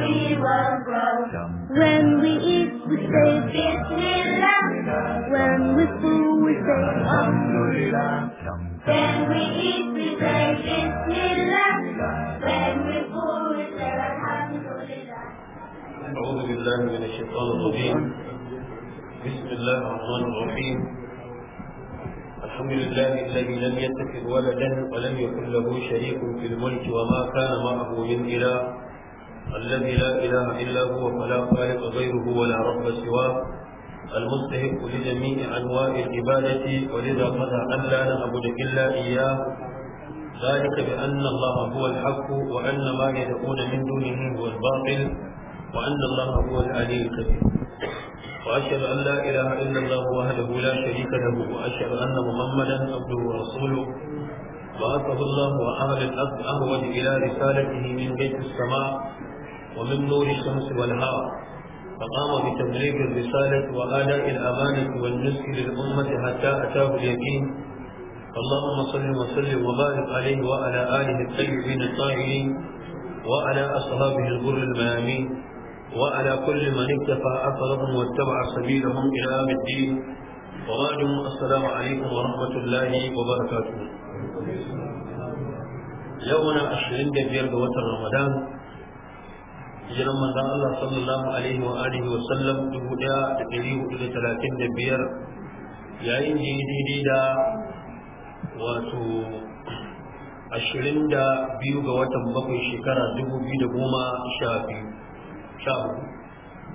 we will grow. When we eat, we say Bismillah. When we fool, we say Alhamdulillah. When we eat, we say Bismillah. When we fool, we say Alhamdulillah. أعوذ بالله من الشيطان الرجيم بسم الله الرحمن الرحيم الحمد لله الذي لم يتخذ ولدا ولم يكن له شريك في الملك وما كان معه من إله الذي لا إله إلا هو فلا خالق غيره ولا رب سواه المستحق لجميع أنواع العبادة ولذا قضى أن لا نعبد إلا إياه ذلك بأن الله هو الحق وأن ما يدعون من دونه هو الباطل وأن الله هو العلي الكبير وأشهد أن لا إله إلا الله وحده لا شريك له وأشهد أن محمدا عبده ورسوله بعثه الله وأهل الأرض أهود إلى رسالته من بيت السماء ومن نور الشمس والهواء فقام بتبليغ الرسالة وآداء الأمانة والنسك للأمة حتى أتاه اليقين اللهم صل وسلم وبارك عليه وعلى آله الطيبين الطاهرين وعلى أصحابه الغر الميامين وعلى كل من اكتفى أثرهم واتبع سبيلهم إلى يوم الدين وبعد السلام عليكم ورحمة الله وبركاته يومنا 25 ga watan Ramadan hijiran manzon Allah sallallahu alaihi wa alihi wa sallam 1435 yayin da daidai da wato ashirin da biyu ga watan bakwai shekara dubu biyu biyu. da goma sha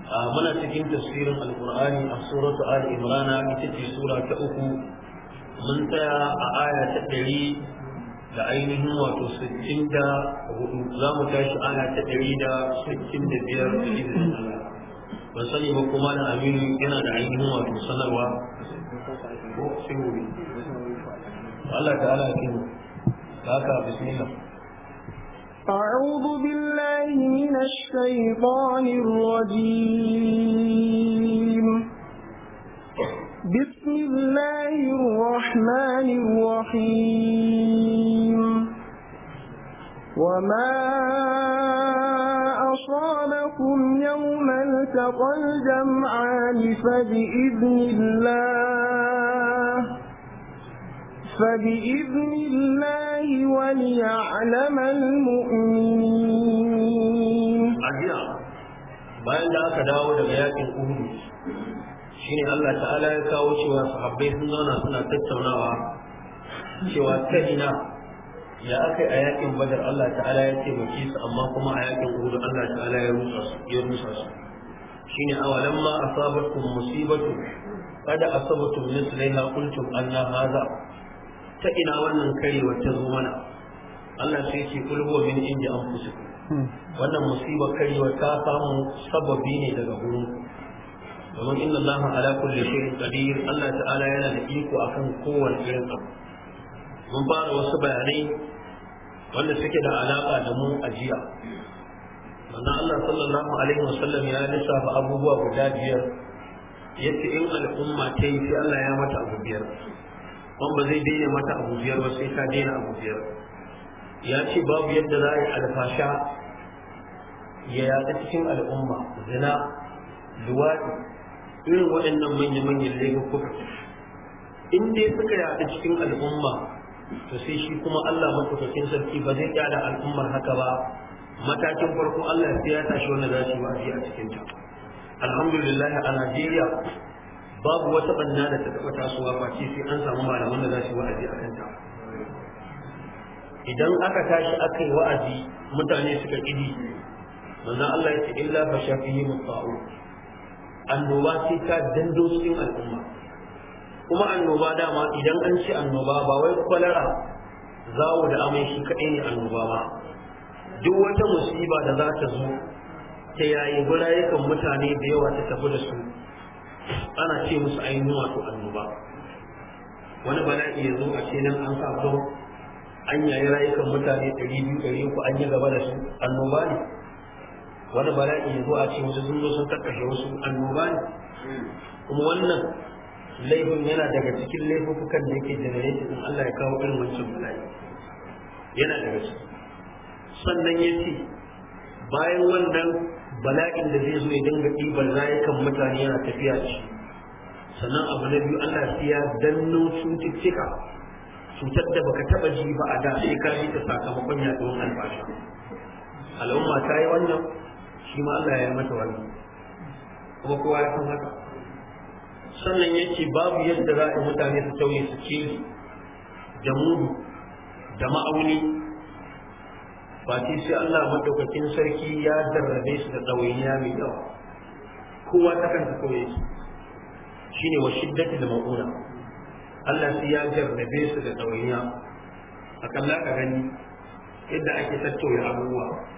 A muna cikin tasirin alkur'ani a suratu ali imrana ita ce sura ta uku mun tsaya a aya ta ɗari da ainihin wato 64 za mu tashi ana ta 165 da biyar Allah ban sani ba kuma da aminu yana da ainihin wato sanarwa ko sai wuri Allah ta'ala ya bismillah أعوذ بالله من الشيطان الرجيم بسم الله الرحمن الرحيم وما أصابكم يوم التقى الجمعان فبإذن الله فبإذن الله وليعلم المؤمنين أجل ما عندك داود بياك الأمور shine Allah ta'ala ya kawo cewa sahabbai sun zauna suna tattaunawa cewa ta ina ya aka a yakin badar Allah ta'ala ya taimake su amma kuma a yakin uhud Allah ta'ala ya rusa su ya rusa su shine awalamma asabatkum musibatu قد أصبتم Ta ina wannan هذا فإن أولا كري Allah الله ce قل هو من عند أنفسكم wannan musiba karewa ta samu sababi ne daga gurin domin inna Allah ala kulli shay'in qadir Allah ta'ala yana da iko akan kowanne irin abu mun fara wasu bayanai wanda suke da alaka da mu a jiya wannan Allah sallallahu alaihi wasallam ya lissafa abubuwa guda biyar yace in al'umma ta yi sai Allah ya mata abu biyar kuma ba zai daina mata abu biyar ba sai ta daina abu biyar ya ce babu yadda za a yi alfasha ya yaɗa cikin al'umma zina luwaɗi irin waɗannan manya-manyan laifuka in dai suka yaɗa cikin al'umma to sai shi kuma Allah maɗaukakin sarki ba zai kyala al'ummar haka ba matakin farko Allah sai ya tashi wanda za su yi a cikin ta alhamdulillah a Najeriya babu wata banna da ta taɓa tasowa ce sai an samu malaman da za su yi wa'azi a kanta idan aka tashi aka yi wa'azi mutane suka ƙidi manzon Allah ya ce illa fa shafihi mutta'u annoba sai ta dando cikin al'umma kuma annoba dama idan an ci annoba ba wai kwalara zawo da amai shi kaɗai ne annoba ba duk wata musiba da za ta zo ta yayi gurayukan mutane da yawa ta tafi da su ana ce musu ainihin wato annoba wani bala'i ya zo a ce nan an sa an yayi rayukan mutane ɗari biyu ɗari uku an yi gaba da su annoba ne wani bala'i ya zo a ce wasu sun zo sun kakkashe wasu annoba ne kuma wannan laifin yana daga cikin laifukan da yake generated in Allah ya kawo irin wancan bala'i yana daga ciki sannan ya ce bayan wannan bala'in da zai zo ya dinga ɗiban rayukan mutane yana tafiya ci sannan abu na biyu Allah sai ya danno cututtuka cutar da baka taba ji ba a da sai ka ta sakamakon yaduwar albashi al'umma ta yi wannan shi ma Allah ya mata wani kuma kowa ya san haka sannan yake babu yadda za a mutane su tauye su ce da mudu da ma'auni ba ce sai Allah madaukakin sarki ya darrabe su da ɗawainiya mai yawa kowa ta kanta shi, su ne wa shiddati da ma'una Allah sai ya jarrabe su da ɗawainiya a kalla ka gani yadda ake tattauya abubuwa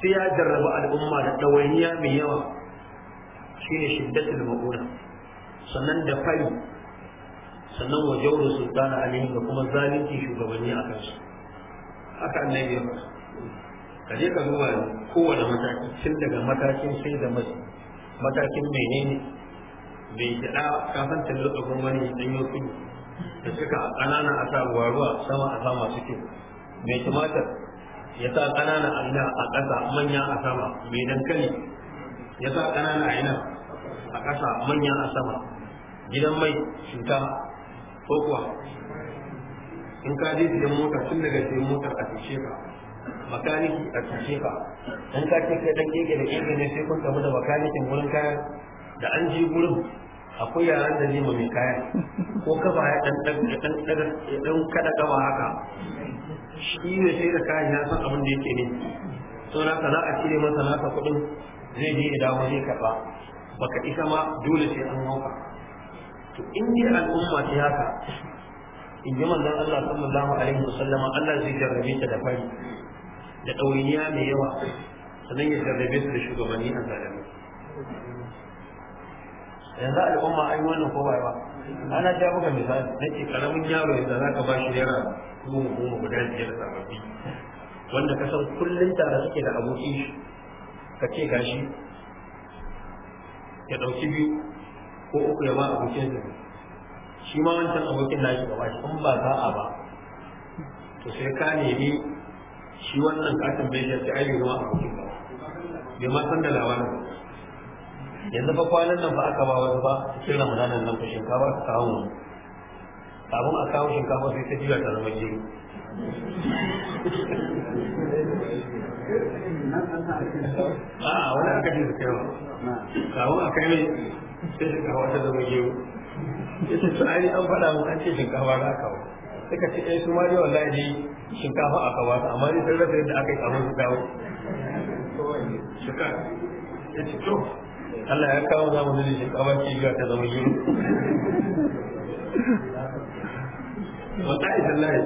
sai ya jarraba al'umma da ɗawainiya mai yawa shine shiddatul mauna sannan da fari sannan wa jawru sultana alayhi da kuma zalunci shugabanni a kansu haka annabi ya faɗa ka je ka duba kowane mataki tun daga matakin sai da matakin menene bai kiɗa kafin tallo da ɗaukar wani ɗan yau da suka ƙanana a sa ruwa sama a sama suke mai tumatar ya sa ƙananan aina a ƙasa manya a sama mai dankali ya sa ƙananan aina a ƙasa manya a sama gidan mai shuka, ko kuwa in ka je gidan mota tun daga gidan mota a cuce ka makaniki a cuce ka in ka ce kai dan da keke ne sai kun tafi da makanikin wurin kayan da an je gurin akwai yaran da zai mai kayan ko kaba ya dan dan dan kada kaba haka shi ne sai da kayan ya san abin da yake ne to na ka za a cire masa naka kuɗin zai je ya dawo zai karɓa baka isa ma dole sai an hauka to in dai al'umma ce haka in ji manzon Allah sallallahu alaihi wasallam Allah zai jarrabe ta da fari da ɗawainiya mai yawa sannan ya jarrabe su da shugabanni a zalimi yanzu al'umma ai wannan kowa ba ana ja maka misali ke karamin yaro yadda ka ba shi naira goma goma guda biyar sababbi wanda ka san kullum tare suke da abokin shi ka ce gashi ya ɗauki biyu ko uku ya ba abokin shi shi ma wancan abokin na shi gaba shi in ba za a ba to sai ka nemi shi wannan katin bai shi ta ayyuka abokin ba bai ma san da labarin yanzu ba kwanan nan ba aka ba wasu ba cikin ramadanan nan ku shinkafa ka kawo mu kafin a kawo shinkafa sai ta jiya ta zama gero a wani aka ji su kaiwa kafin a kai mai sai shinkafa ta zama gero ya ce tsari an faɗa mun an ce shinkafa na aka ba suka ce ai eh, su ma dai wallahi ne shinkafa aka ba amma ni sun rasa yadda aka yi kamar su dawo shika ya ce to Allah ya kawo mu zai shi kaba ki ga ta zama yiwu wallahi tallahi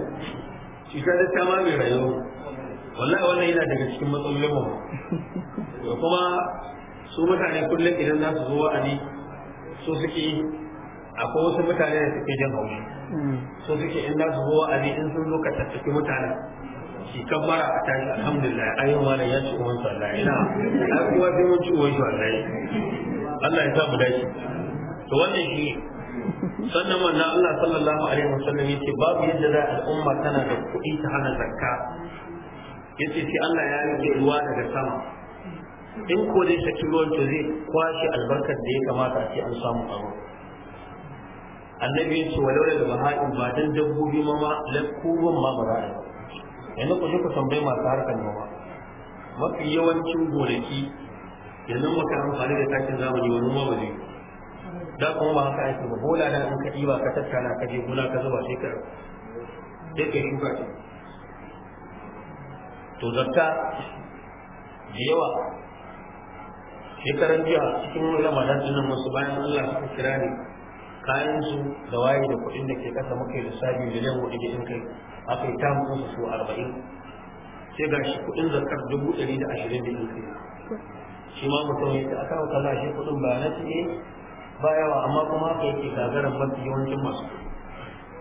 shi ta da tama mai rayu, wallahi wannan yana daga cikin matsalolin mu Da kuma su mutane kullum idan za su zo wa'adi su suke akwai wasu mutane da suke jin haushi hmm. su suke in za su zo wa'adi in sun zo ka tattaki mutane ki mara a tayi alhamdulillah ai wani ya ci uwan sallahi na ai kuwa sai mun ci uwan sallahi Allah ya sa mu dace to wannan shi sannan wannan Allah sallallahu alaihi wasallam yace babu yadda za al'umma tana da kuɗi ta hana zakka yace sai Allah ya yi ruwa daga sama in ko dai saki ruwan to zai kwashe albarkar da ya kamata sai an samu a annabi ya ce walau da baha'in ba dan dabbobi ma ma lakkuban ma ba za a yanzu ku je ku tambayi masu harkar noma mafi yawancin gonaki yanzu muka amfani da takin zamani wani noma waje da kuma ba haka aiki ba bola da an ka ɗiba ka tattana ka je gona ka zuba shekara sai ka shuka ce to zakka da yawa shekaran jiya cikin ramadan dinnan musu bayan Allah suka kira ne kayan su da waye da kuɗin da ke kasa muka yi lissafi da hudu da in kai aka yi ta musu su arba'in sai ga shi kuɗin zakar dubu ɗari da ashirin da ɗin shi ma mutum ya ce aka kawo kaza shi kuɗin ba na ce ba yawa amma kuma haka yake gagarar mafi yawancin masu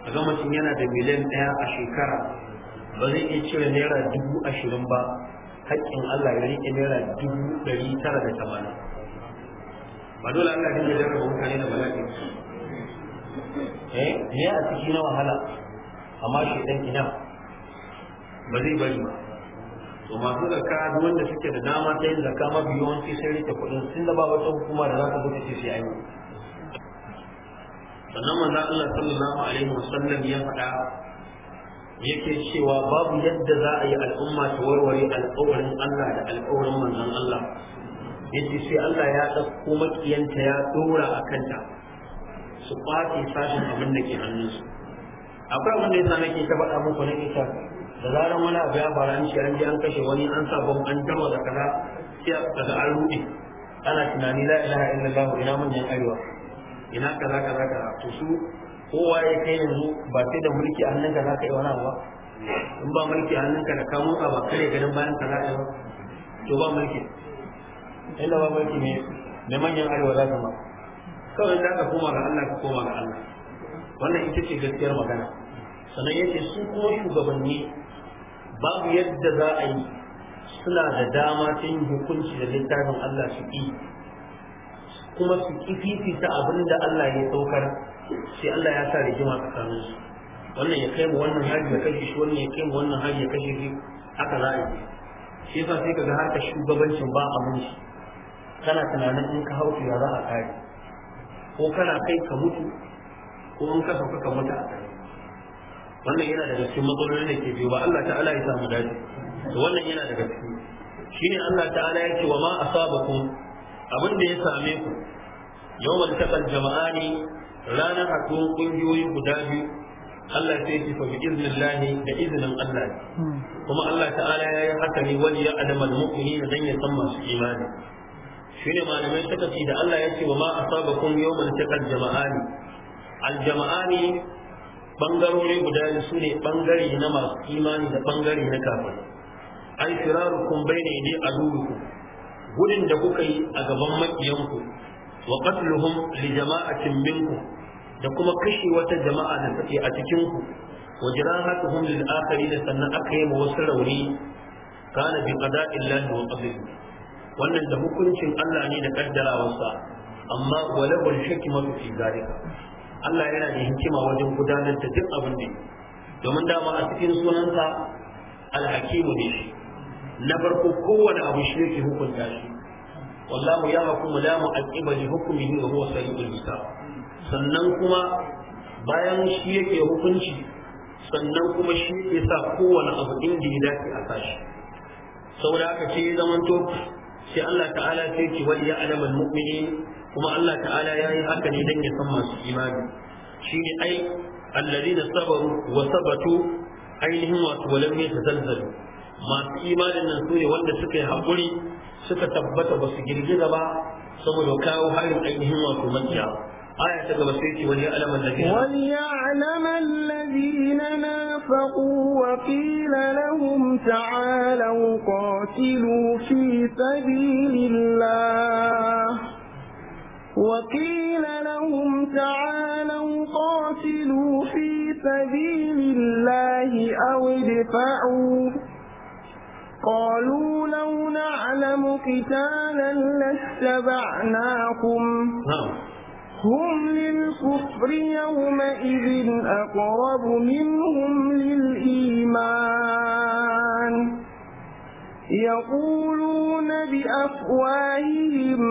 a ga mutum yana da miliyan ɗaya a shekara ba zai iya cire naira dubu ashirin ba haƙƙin Allah ya riƙe naira dubu ɗari tara da tamanin ba dole Allah ya dinga jarraba mutane da bala'i eh ne a ciki na wahala amma shaidan ina ba zai bari ba to masu zakka wanda suke da dama ta yin zakka mafi yawanci sai rike kuɗin sun da ba wata hukuma da za ka zo ka sai ayi sannan manzo Allah sallallahu alaihi wasallam ya faɗa yake cewa babu yadda za a yi al'umma ta warware alƙawarin Allah da alƙawarin manzon Allah yadda sai Allah ya ɗauko makiyanta ya ɗora a kanta su ƙwace sashen abin da ke hannunsu akwai abin da ya same ki ta faɗa muku na ita da zaran wani abu ya fara an an je an kashe wani an sa bom an dawo da kaza sai daga an ruɗe ana tunani la ilaha illallah ina manyan arewa ina kaza kaza kaza to su kowa ya kai yanzu ba sai da mulki a hannunka za ka yi wani abu ba in ba mulki a hannunka da ka motsa ba kare ganin bayan ka za ka yi ba to ba mulki inda ba mulki ne manyan arewa za ka ma kawai za ka koma ga Allah ka koma ga Allah wannan ita ce gaskiyar magana sannan yace su kuma shugabanni babu yadda za a yi suna da dama ta yin hukunci da littafin Allah su ƙi kuma su ƙi fifita abin da Allah ya saukar sai Allah ya sa rigima tsakanin su wannan ya kai mu wannan hajji ya kashe shi wannan ya kai mu wannan hajji ya kashe shi haka za a yi shi yasa sai kaga harkar shugabancin ba a mun kana tunanin in ka hau ya za a kare ko kana kai ka mutu ko in ka sauka ka mutu a kai wannan yana daga cikin matsalolin da ke biyu ba Allah ta'ala ya samu dace to wannan yana daga ciki shine Allah ta'ala ya ce wa ma asabakum abin da ya same ku yawmal taqal jama'ani ranar hakuwar kungiyoyi guda biyu Allah sai ce fa bi iznillahi da iznin Allah kuma Allah ta'ala ya yi haka ne wani ya alama mu'mini dan ya san masu imani shine malamai suka ce da Allah ya ce wa ma asabakum yawmal taqal jama'ani aljama'ani bangarori guda su ne bangare na masu imani da bangare na kafin ai firarukum bayna yadi adukum gudun da kuka yi a gaban makiyanku wa qatluhum li jama'atin minkum da kuma kashe wata jama'a da take a cikin ku wa jirahatuhum lil da sannan aka yi wasu rauni kana bi qada'illahi wa qadrihi wannan da hukuncin Allah ne da kaddarawarsa amma walahul hikmatu fi zalika Allah yana da hikima wajen gudanar da duk abin da domin dama a cikin sunansa alhakimu ne shi na farko kowane abu shi yake hukunta shi wallahu ya hukumu la mu'aqqiba li hukmihi wa huwa sayyidul hisab sannan kuma bayan shi yake hukunci sannan kuma shi yake sa kowane abu inda ya dace a sashi saboda haka ce zaman to sai Allah ta'ala sai ki wal ya'lamul mu'minin kuma Allah ta'ala ya yi haka ne don ya san masu imani shi ne ai allazi na sabaru wa sabatu ainihin wasu walam ne ta zanzaru masu imanin nan su ne wanda suka yi haƙuri suka tabbata ba su girgiza ba saboda kawo harin ainihin wasu Aya ta wani wato makiya آية تبسيتي وليعلم الذين وليعلم الذين نافقوا وقيل لهم تعالوا قاتلوا في سبيل الله وقيل لهم تعالوا قاتلوا في سبيل الله أو ادفعوا قالوا لو نعلم قتالا لاتبعناكم نعم. هم للكفر يومئذ أقرب منهم للإيمان يقولون بأفواههم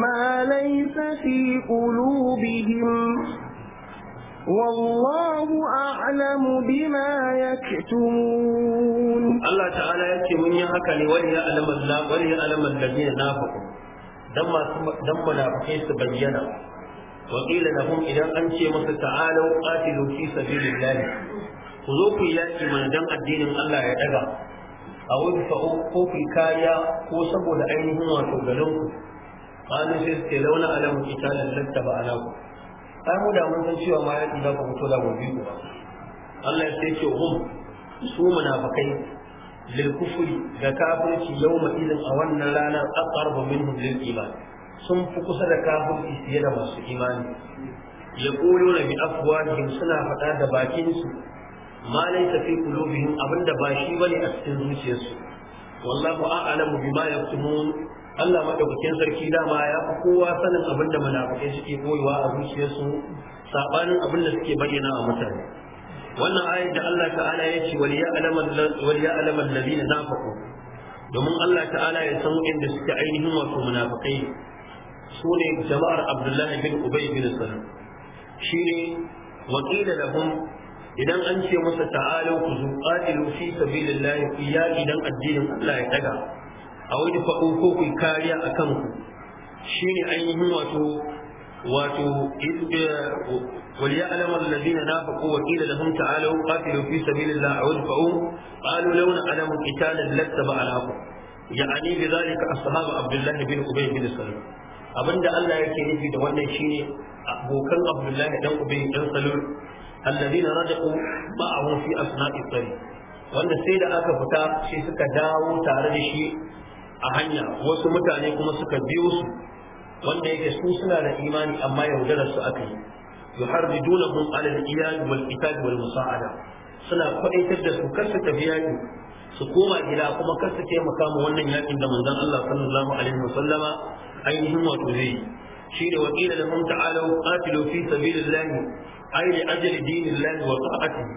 ما ليس في قلوبهم والله أعلم بما يكتمون الله تعالى يكتمون يحكى وليعلم الله وليعلم الذين نافقوا دم منافقين سبينا وقيل لهم إذا أنت مصر تعالوا قاتلوا في سبيل الله خذوكم يأتي من دم الدين الله يدعى a fa'o ko fi kariya ko saboda ainihin wato garin ku qalu sai suke launa a ita alamu qitalan lattaba ku ai mu da mun san cewa ma ya za ku fito da mu biyu ba Allah ya ce hum su munafikai lil kufri da kafirci yawma idin a wannan ranar aqrabu minhum lil iman sun fi kusa da kafirci fiye da masu imani yaquluna bi afwahihim suna faɗa da bakinsu. ma laysa fi qulubihim abinda ba shi bane a cikin zuciyarsu wallahu a'lamu bima yaktumun Allah madaukakin sarki dama ya fi kowa sanin abinda munafikai suke koyewa a zuciyarsu sabanin abinda suke bayyana a mutane wannan ayar da Allah ta'ala ya ce wal ya'lamu wal ya'lamu alladhina nafaqu domin Allah ta'ala ya san inda suke ainihin wasu munafikai su ne jama'ar Abdullahi bin Ubay bin Salam shi ne wakila lahum idan an ce masa ta'alau ku zu qatilu fi sabilillahi ku ya idan addinin Allah ya daga a wani faɗo ko ku kariya akan ku shine ainihin wato wato وليعلم الذين نافقوا وقيل لهم تعالوا قاتلوا في سبيل الله او ادفعوا قالوا لو نعلم قتالا لاتبعناكم يعني بذلك اصحاب عبد الله bin ابي bin سلول abinda Allah yake nufi da wannan shine abokan Abdullahi dan Ubay dan Salul alladina radaqu ma'ahu fi asna'i tsari wanda sai da aka fita shi suka dawo tare da shi a hanya wasu mutane kuma suka biyo su wanda yake su suna da imani amma yaudarar su aka yi yuharridunahum ala al-iyad wal qital wal musa'ada suna kwadaitar da su kar su tafi yaki su koma gida kuma kar su taimaka mu wannan yakin da manzon Allah sallallahu alaihi wasallama ainihin wato zai yi shi wakila da mun ta'alau qatilu fi sabilillahi ai li ajli dinillahi wa ta'atihi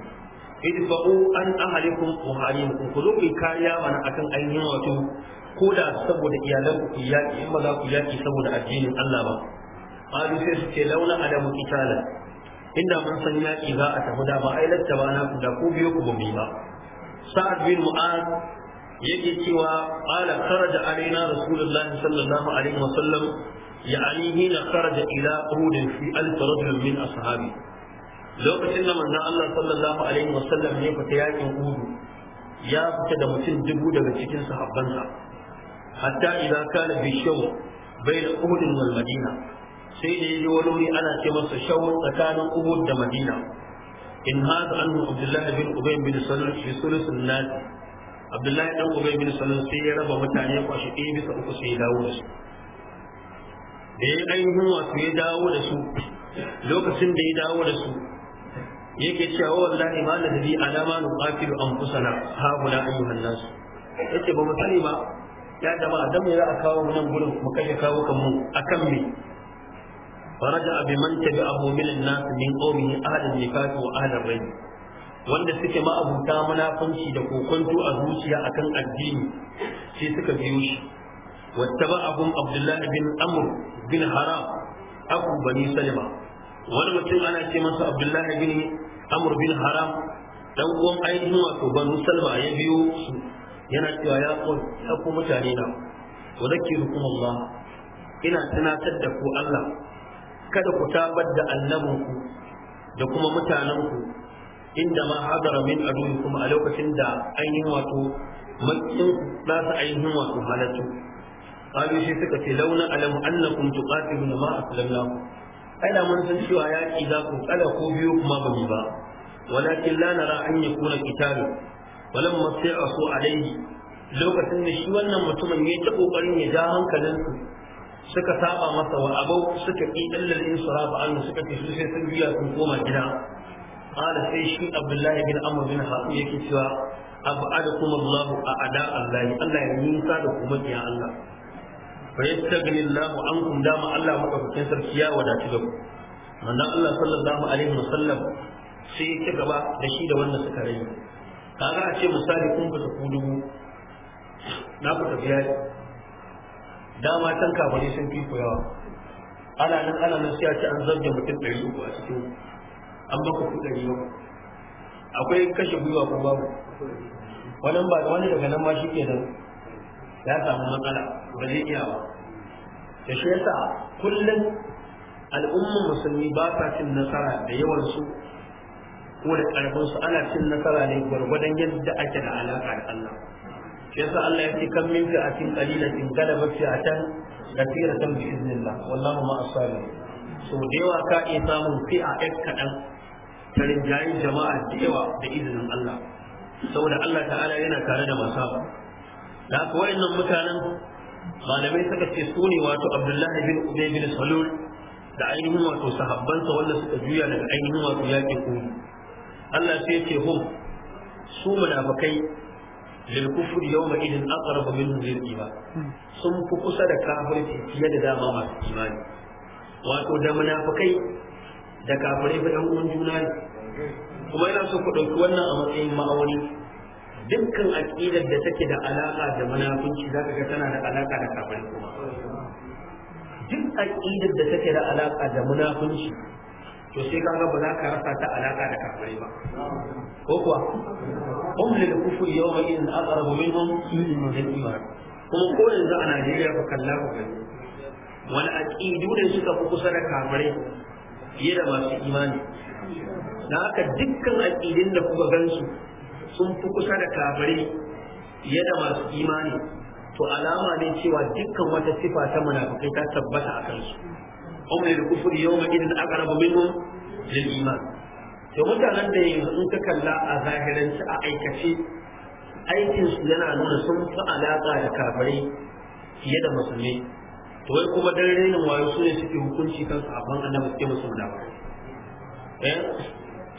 idfa'u an ahlikum muharimukum ku zo ku kariya mana akan ainihin wato ko da saboda iyalan ku yaki in ba saboda addinin Allah ba qalu sai su ce laula adamu qitala inda mun san yaki za a tafi da ba ai na ku da biyo ku ba sa'ad bin yake cewa qala kharaja alaina rasulullahi sallallahu alaihi wasallam يعني حين خرج إلى أهود في ألف رجل من أصحابه lokacin da manzon Allah sallallahu alaihi wasallam ya fita yakin Uhud ya fita da mutum dubu daga cikin sahabbansa hatta idza kana bi shaw bayna Uhud wal Madina sai da yayi wani wuri ana ce masa shaw tsakanin Uhud da Madina in hada annu Abdullah bin Ubay bin Salul fi sulusun nas Abdullahi dan Ubay bin Salul sai ya raba mutane kwashi ɗaya bisa uku sai ya dawo da su da ya ainihin wato ya dawo da su lokacin da ya dawo da su yake cewa wallahi ma na dabi alama nu qatil anfusana ha hula ayyuhan nas yace ba mu sani ba ya jama'a dan me za a kawo mu nan gurin mu kashe kawo kan mu akan me فرجع بمن تبعه من الناس من قومه أهل النفاق وأهل الرجل wanda suke ma'abuta munafunci da kokonto a zuciya akan addini sai suka biyo shi wattaba'ahum abdullah bin amr bin haram abu bani salima wani mutum ana ce masa Abdullahi bin amr bin haram dan uwan ainihin wato banu salma ya biyo su yana cewa ya ya ku mutane na wa zakirukum Allah ina tunatar da ku Allah kada ku tabar da annabinku da kuma mutanenku inda ma hadara min aduwikum a lokacin da ainihin wato makin za su ainihin wato halatu qalu shi suka ce launa alamu annakum tuqatiluna ma aslamnakum ana mun san cewa yaƙi za ku kala ko biyu kuma ba mu ba walakin la nara an yakuna qitalu walam a alaihi lokacin da shi wannan mutumin ya ta kokarin ya ja su suka saba masa wa abau suka ƙi ɗallar insirafa annu suka ce su sai sun biya sun koma gida qala sai shi abdullahi bin amr bin hasu yake cewa abadakum allah a ada allah Allah ya nisa da kuma ya Allah fa yastaghni Allahu ankum dama Allah madaukakin sarki ya wadaci da ku manzon Allah sallallahu alaihi wasallam sai ya ci gaba da shi da wannan suka rage kaga a ce misali kun fita ku dubu na ku tafiya dama can kafare sun fi ku yawa ana nan ana nan sai a ce an zarge mutum ɗari uku a cikin an baka ku ɗari yau akwai kashe gwiwa ko babu wannan ba wani daga nan ma shi nan. ya samu matsala ba zai iya ba da shi yasa kullum al'ummar musulmi ba sa cin nasara da yawan su ko da karfin su ana cin nasara ne gwargwadon yadda ake da alaka da Allah shi yasa Allah ya ce kan min fi'atin qalilatin galabat fi'atan kathiratan bi idnillah wallahu ma asali so da yawa ka iya samun a ɗan kaɗan ta rinjaye jama'a da yawa da izinin Allah saboda Allah ta'ala yana tare da masu haka da haka wa'annan mutanen malamai suka ce su ne wato abdullahi bin ubay bin salul da ainihin wato sahabbansa wanda suka juya daga ainihin wato yaƙi ku Allah sai ce hum su munafikai lil kufr yawma idin aqrabu minhum lil iman hmm. sun fi kusa da kafirci fiye da dama masu imani wato da munafikai da kafirai fa dan uwan juna ne kuma ina so ku ɗauki wannan a matsayin ma'auni dukkan aqidar da take da alaka da munafunci zaka ga tana da alaka da kafir duk aqidar da take da alaka da munafunci to sai kaga ba za ka rasa ta alaka da kafir ba ko kuwa hum lil kufri yawma in aqrabu minhum min iman kuma ko yanzu a Najeriya ba kalla ku kai wani aqidu da suka fi kusa da kafirai fiye da masu imani na haka dukkan aqidin da kuka gansu sun fi kusa da kafirai fiye da masu imani to alama ne cewa dukkan wata sifa ta munafikai ta tabbata a kansu umar da kufuri yau ma idan aka rabu mun lil iman to mutanen da yanzu in ka kalla a zahiranci a aikace aikin su yana nuna sun fi alaka da kafirai fiye da musulmi to wai kuma dan rainin wayo su ne suke hukunci kansu a ban annabi suke musu munafikai eh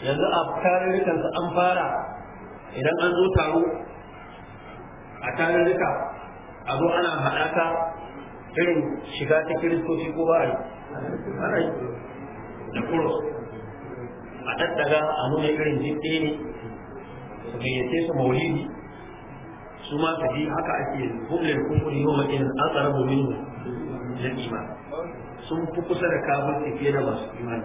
yanzu a kansu an fara idan an zo taro a tarurruka a zo ana haɗaka irin shiga ta kiristoci ko ba a yi da kuro a ɗaɗɗaga a nuna irin jiɗe ne su gayyace su maulidi su ma su haka ake kuma yi yau makin an tsara mumin na ima sun fi kusa da kafin fiye da masu imani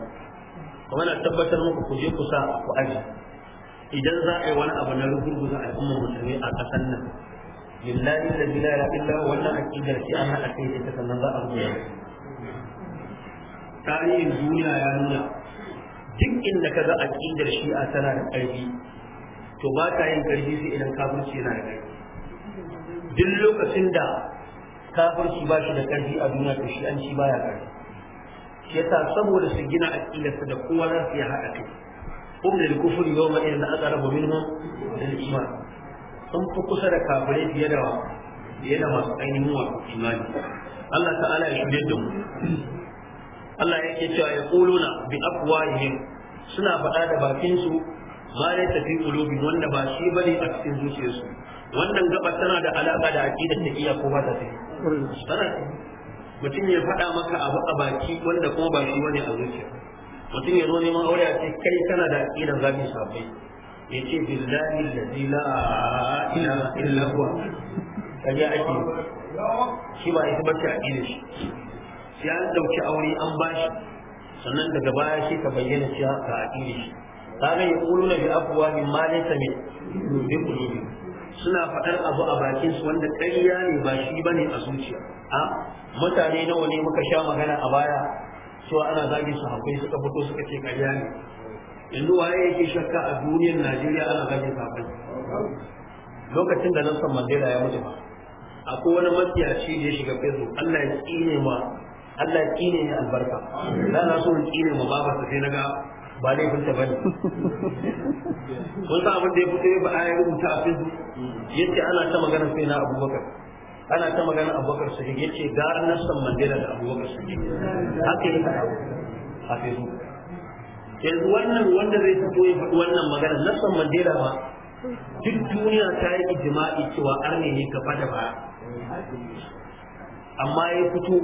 kuma na tabbatar muku ku je kusa ku aji idan za a yi wani abu na rugurguza al'ummar musulmi a ƙasar nan lillahi da bila ya illa wannan aƙidar shi an haɗa kai ita sannan za a rubuta tarihin duniya ya nuna duk inda ka za a aƙidar shi'a tana da ƙarfi to ba ta yin ƙarfi sai idan kafirci yana da ƙarfi duk lokacin da kafirci ba shi da ƙarfi a duniya to shi an ci baya ƙarfi shi yasa saboda su gina aƙidarsa da kowa za su yi haɗa kai da hum lil kufri yawma idhin aqrabu minhum lil iman sun fi kusa da kafirai fiye da fiye da masu ainihin wato imani Allah ta'ala ya shirye da mu Allah yake cewa ya kuluna bi afwahihim suna faɗa da bakin su ma ya tafi qulubi wanda ba shi bane a cikin zuciyarsu wannan gaba tana da alaƙa da aqidar ta iya ko ba ta tana mutum ya faɗa maka abu a baki wanda kuma ba shi bane a zuciya mutum ya zo neman aure a ce kai kana da aƙidan zafin sabai ya ce billahi allazi la ilaha illa huwa kaje ake shi ba ita bace aƙidar shi sai an dauki aure an ba shi. sannan daga baya shi ka bayyana shi ga aƙidar shi kaga ya kulu na bi abuwa min ma laysa min bi qulubi suna faɗar abu a bakin su wanda ƙarya ne ba shi ne a zuciya a mutane nawa ne muka sha magana a baya so ana zagin sahabbai suka fito suka ce ƙarya ne yanzu waye yake shakka a duniyar Najeriya ana zagin sahabbai lokacin da Nelson Mandela ya mutu ba akwai wani matsiyaci da ya shiga fesu Allah ya tsine ma Allah ya tsine ni albarka da na so in tsine ma babar sai na ga ba laifin ta bane kun san abin da ya fito ya ba ya rubuta a fesu yace ana ta magana sai na Abubakar ana ta magana abubakar sahih ya ce gara nassan mandela da abubakar sahih haka yi ta a facebook yanzu wannan wanda zai fito ya faɗi wannan magana nassan mandela ba duk duniya ta yi ijima'i cewa arne ne gaba da baya amma ya fito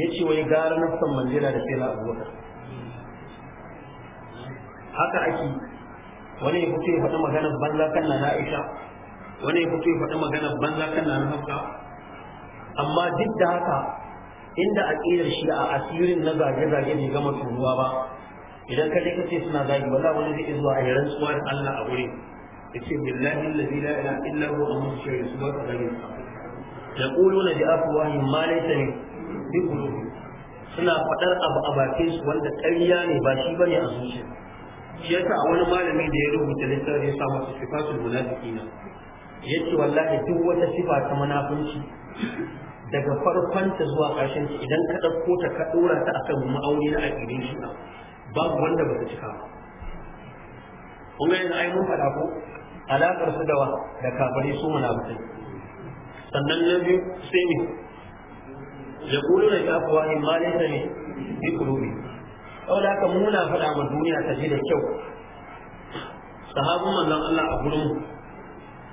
ya ce wai gara nassan mandela da fela abubakar haka ake wani ya fito ya faɗi maganar banza kan na na'isha wani ya fito ya faɗi magana banza kan na haka? amma duk da haka inda a aƙidar shi a asirin na zage-zage bai gama turuwa ba idan ka je ka ce suna zagi wala wani zai zuwa a yi rantsuwa da Allah a wurin ya ce billahi allazi la ilaha illa huwa amma su shirya su ba su zagin sa yaquluna bi afwahihim ma laysa bi qulubihim suna faɗar abu a bakin su wanda ƙarya ne ba shi bane a zuciya shi yasa wani malami da ya rubuta littafin ya sa masa sifatul munafiqina yace wallahi duk wata sifa ta munafunci daga farkon ta zuwa ƙarshen ta idan ka ɗauko ta ka ɗora ta akan ma'auni na aƙidin shi babu wanda ba ta cika ba kun ga yanzu ai mun faɗa ko alaƙar su da wa da kafirai su munafunci sannan na biyu sai ne ya na da kafuwa in ma ne ta ne bi kulubi saboda haka muna faɗa ma duniya ta ji da kyau sahabin manzon Allah a gurin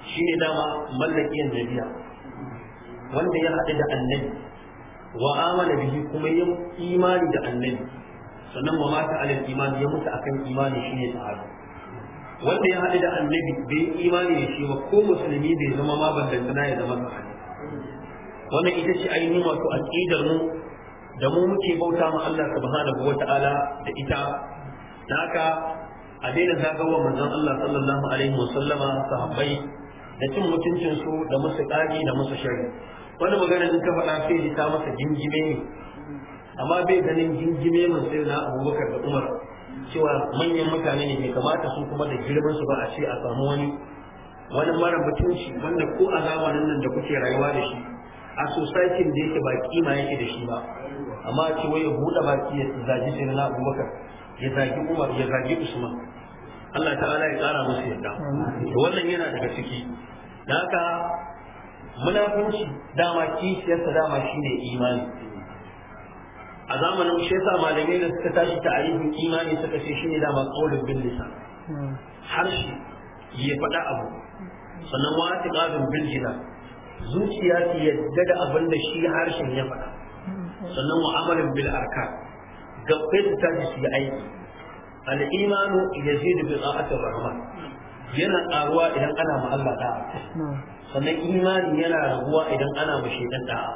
Shi shine dama mallakiyan nabiya wanda ya haɗu da annabi wa amana bihi kuma ya imani da annabi sannan wa mata alal imani ya mutu akan imani shi ne sahabi wanda ya haɗu da annabi bai imani da shi ba ko musulmi bai zama ma bandantana ya zama sahabi wannan ita ce ainihin wato aqidar mu da mu muke bauta ma Allah subhanahu wata'ala da ita da haka a daina zagawa manzon Allah sallallahu alaihi wa sallama sahabbai da cin mutuncin su da musu ƙage da musu shari wani magana in ta faɗa sai ta masa gingime ne amma bai ganin gingime mun sai na abubakar da umar cewa manyan mutane ne bai kamata su kuma da girman su ba a ce a samu wani wani mara mutunci wanda ko a zamanin nan da kuke rayuwa da shi a society da yake ba kima yake da shi ba amma ce ya buɗe baki ya zagi sai na abubakar ya zagi umar ya zagi usman Allah ta'ala ya tsara musu yadda wannan yana daga ciki da haka munafunci dama kishiyarsa dama ne imani a zamanin shi yasa malamai da suka tashi ta'arifin imani suka ce da dama qaulun bin lisan harshe ya faɗa abu sannan ta ƙarin jina zuciya ta yadda da abin da shi harshen ya faɗa sannan mu'amalin bil arka gabbai ta tashi su yi aiki al'imanu yazidu bi ta'atir rahman yana karuwa idan ana ma Allah da'a sannan imani yana raguwa idan ana ma shaitan da'a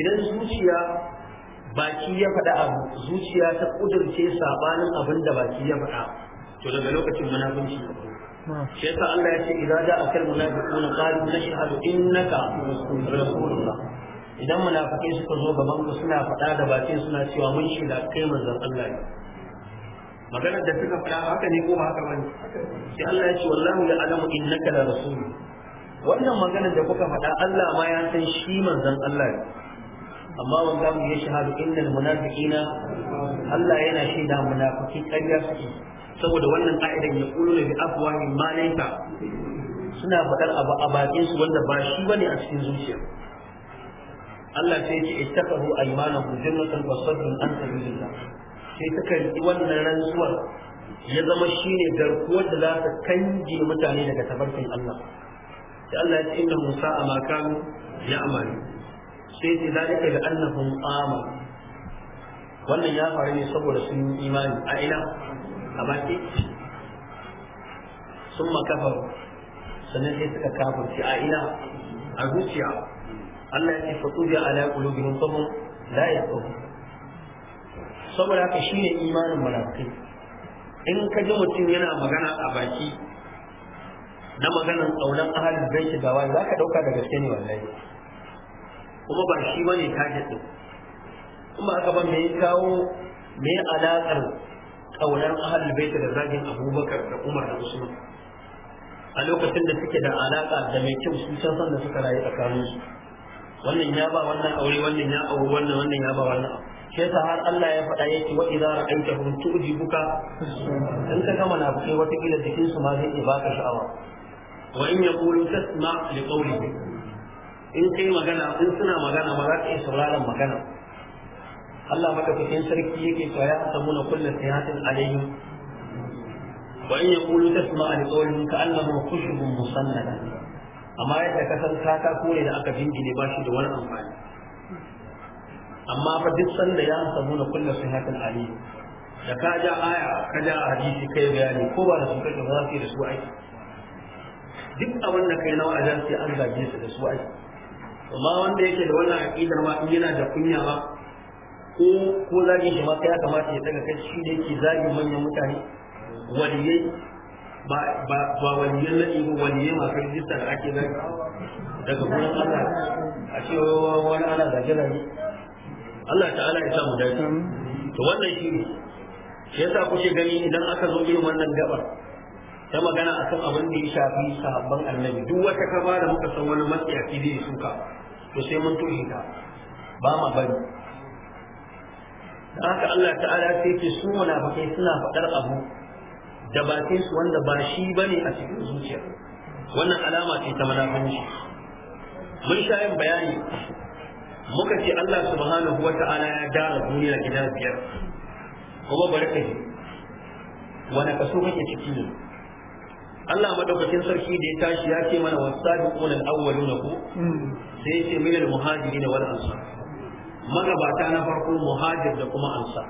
idan zuciya baki ya faɗa abu zuciya ta kudurce sabanin abin da baki ya faɗa to daga lokacin munafunci shi yasa Allah ya ce idan da akal munafiquna qalu nashhadu innaka rasulullah idan munafikai suka zo gaban ku suna faɗa da bakin suna cewa mun shaida kai manzon Allah maganar da suka faɗa haka ne ko ba haka bane sai Allah ya ce wallahi ya alamu innaka la rasul wannan maganar da kuka faɗa Allah ma ya san shi manzon Allah ne amma wanda mu ya shahadu innal munafiqina Allah yana shaida munafiki ƙarya suke saboda wannan ka'idan ya kulu bi afwahi ma laysa suna faɗar abu a bakin su wanda ba shi bane a cikin zuciya Allah sai ya ce ittaqahu aymanahum jannatan wa sadrun an sabilillah sai suka riƙi wannan rantsuwar ya zama shi ne garkuwar da za ta kange mutane daga tabarkin Allah sai Allah ya ce inna musa ama kanu ya amanu sai ce zalika ga annahum amanu wannan ya faru ne saboda sun yi imani a ina a baki sun makafar sannan sai suka kafarci a ina a zuciya Allah ya ce fatuja ala qulubihim fahum la yafqahun saboda haka shine imanin malakai in ka ji mutum yana magana a baki na maganan tsaunan ahalin zai shiga wani za ka ɗauka da gaske ne wallahi kuma ba shi bane target din kuma aka ba me kawo mai alaƙar ƙaunar ahalul baiti da zagin abubakar da umar da usman a lokacin da suke da alaƙa da mai kyau su san san da suka rayu tsakaninsu. su wannan ya ba wannan aure wannan ya auri wannan wannan ya ba wannan abu shi yasa har Allah ya faɗa yake wa idza ra'aytahum tu'jibuka in ka ga munafikai wata kila jikinsu ma zai iya baka sha'awa wa in yaqulu tasma' li qawlihi in kai magana in suna magana ba za ka iya sauraron magana Allah madaukakin sarki yake cewa ya asamuna kullu sihatin alaihim wa in yaqulu tasma' li qawlihi ka Allah annahu khushubun musannada amma yadda ka san ka kore da aka jingine ba shi da wani amfani amma fa duk sanda ya samu na kullu hakan ali da ka ja aya ka ja hadisi kai bayani ko ba da su kake ba su da su aiki duk abin da kai na wa'azin sai an zage su da su aiki amma wanda yake da wannan aqidar ma in yana da kunya ma ko ko zage shi ma ya kamata ya daga kai shi ne yake zagi manyan mutane waliyai ba ba ba waliyan nabi ba waliyai masu rijista da ake zagi daga gurin Allah a cewa wani ana zage zage Allah ta'ala ya samu dace to wannan shi ya sa kuke gani idan aka zo irin wannan gaba ta magana akan abin da ya shafi sahabban annabi duk wata kaba da muka san wani matsayaci zai suka to sai mun tuhi ta ba ma bari da haka Allah ta'ala sai ke su munafikai suna faɗar abu da ba sai su wanda ba shi bane a cikin zuciya wannan alama ce ta munafunci mun sha yin bayani muka ce Allah subhanahu wata'ala ya dara duniya gida biyar kuma bari ka ji wani kaso kake ciki ne Allah madaukakin sarki da ya tashi ya ce mana wasabiquna al-awwaluna ku sai ya ce min al-muhajirin wal ansar magabata na farko muhajir da kuma ansa.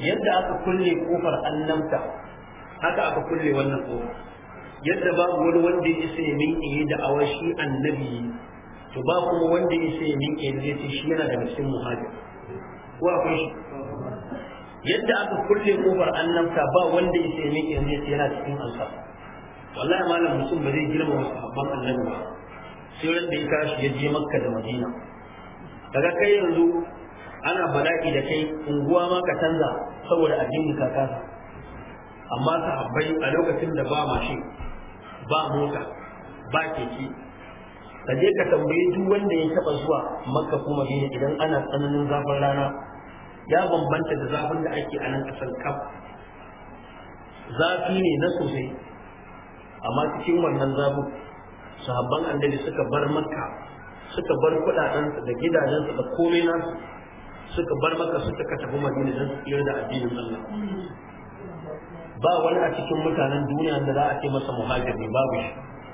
yadda aka kulle kofar annabta haka aka kulle wannan kofar yadda babu wani wanda ya isa ya min yi da awashi annabi to ba kuma wanda ya ce min yanzu shi yana daga cikin muhajir ko akwai shi yadda aka kulle kofar annabta ba wanda ya ce min yanzu yana cikin ansa wallahi malam mutum ba zai girma wasu babban annabi ba sai wanda ya tashi ya je makka da madina daga kai yanzu ana bala'i da kai unguwa ma ka canza saboda addinin ka kasa amma sahabbai a lokacin da ba mashin ba mota ba keke ka je ka tambaye duk wanda ya taba zuwa makka ko madina idan ana tsananin zafin rana ya bambanta da zafin da ake a nan kasar kaf zafi ne na sosai amma cikin wannan zafin sahabban annabi suka bar makka suka bar kudadensu da gidajensu da komai na, suka bar maka suka ka tafi madina don su tsira da addinin Allah ba wani a cikin mutanen duniya da za a ce masa muhajiri babu shi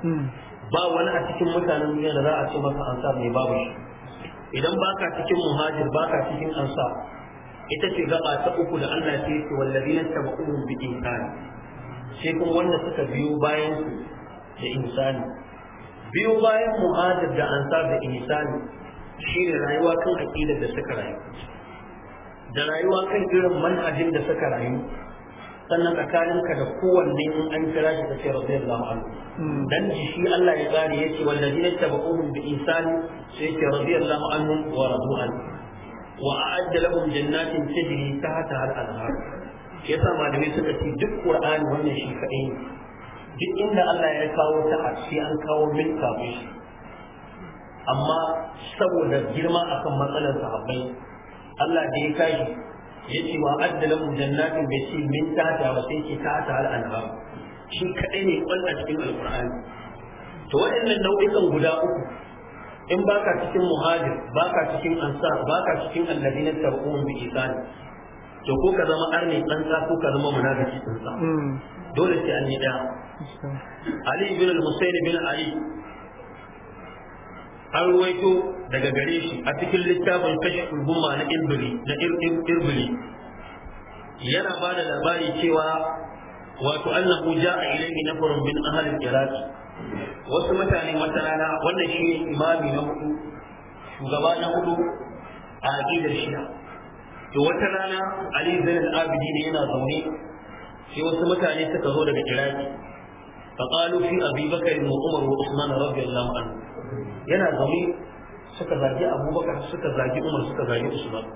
hmm. ba wani a cikin mutanen duniya da za a ce masa ansa mai babu shi idan baka cikin muhajir baka cikin ansa ita ce gaba ta uku da Allah ya ce wallazina tabu'uhum bi ihsan sai kuma wanda suka biyo bayan su da insani biyo bayan muhajir da ansa da insani shine rayuwa kan aqidar da suka rayu da rayuwa kan irin manhajin da suka rayu sannan tsakaninka da kowanne in an kira shi kace radiyallahu anhu hmm. dan shi Allah ya tsare yace wallazina tabaquhum bi ihsan sai yace radiyallahu anhum wa radu an wa a'adda lahum jannatin tajri tahtaha al-anhar yasa malamai suka ce duk qur'ani wannan shi kadai ne duk inda Allah ya kawo ta a an kawo min kafin shi amma saboda girma akan matsalar sahabbai Allah da ya kashi yace wa addala mu jannatin bai ce min ta ta ba sai ki ta ta al anhar shi kadai ne kwalla cikin alqur'ani to waɗannan nau'ikan guda uku in baka cikin muhajir baka cikin ansar baka cikin alladina tabu'un bi isan to ko ka zama arni tsantsa ko ka zama munafiki hmm. dole sai an yi daya ali ibn al-husayn bin ali an ruwaito daga gare shi a cikin littafin kashful gumma na irbili na irbili yana ba da labari cewa wato annahu ja'a ilayhi nafarun min ahli al-iraq wasu mutane wata rana wannan shi imami na hudu shugaba na hudu a aqidar shi to wata rana ali zain al-abidi ne yana zaune sai wasu mutane suka zo daga iraki فقالوا في أبي بكر وعمر وعثمان رضي الله عنه ينا زمي suka zagi abubakar suka zagi umar suka zagi usman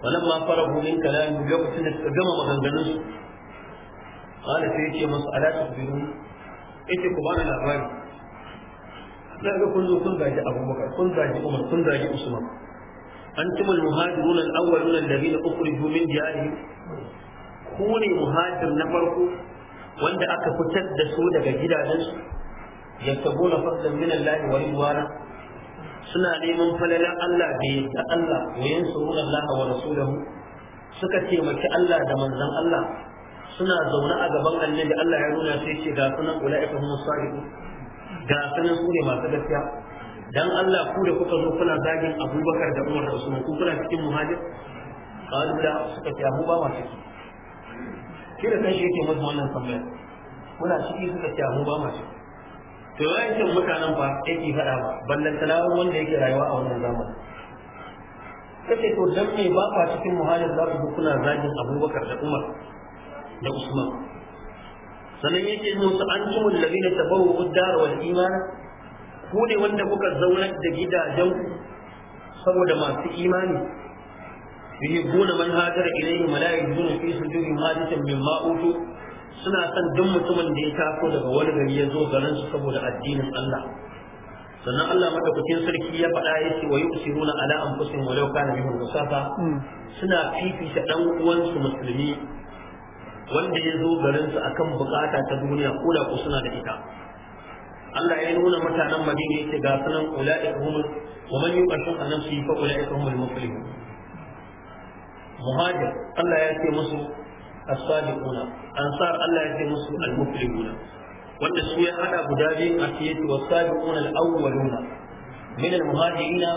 wannan ma farahu min kalami lokacin da suka gama maganganun su qala sai yace masu ala tasbiru yace ku bani labari na ga kun zo kun zagi abubakar kun zagi umar kun zagi usman An antum al muhajirun al awwalun alladhina ukhriju min diyarihim ku ne muhajir na farko wanda aka fitar da su daga gidajensu yattabuna fadlan min Allah wa ridwana suna neman falalan Allah da yadda Allah wa yansuruna Allah wa rasulahu suka taimaki Allah da manzon Allah suna zaune a gaban annabi Allah ya nuna sai ce ga sunan ulaika hum sadiqu ga sunan su ne masu gaskiya dan Allah ku da kuka zo kuna zagin Abubakar da Umar da Usman ku kuna cikin muhajir qalu da suka ce mu ba ma ciki shi da kanshi yake musu wannan tambayar kuna ciki suka ce mu ba ma ciki to yake mutanen ba yake faɗa ba ballan talawar wanda yake rayuwa a wannan zamanin kace to dan me ba ka cikin muhalin za ku kuna zagin abubakar da umar da usman sannan yake musu an ci labin da tabaru uddar wal imana ku ne wanda kuka zaunar da gidajen saboda masu imani yuhibbun man hajara ilayhi malaikatun fi sujudihim hadithan mimma utu suna son duk mutumin da ya taso daga wani gari ya zo garin su saboda addinin Allah sannan Allah madaukakin sarki ya faɗa ya ce wa yusiruna ala anfusihim walau kana bihim khasasa hmm. suna fifita dan uwansu musulmi wanda ya zo garin su akan bukata ta duniya ko da ko suna da ita Allah ya nuna mutanen Madina ce ga sunan ulai'ihum wa man yuqashu an nafsihi fa ulai'ihum al-muflihun muhajir Allah ya ce musu as-sadiquna ansar Allah ya ce musu al-muflihuna wanda su ya hada guda biyu a fiye da was-sadiquna al-awwaluna min al-muhajirina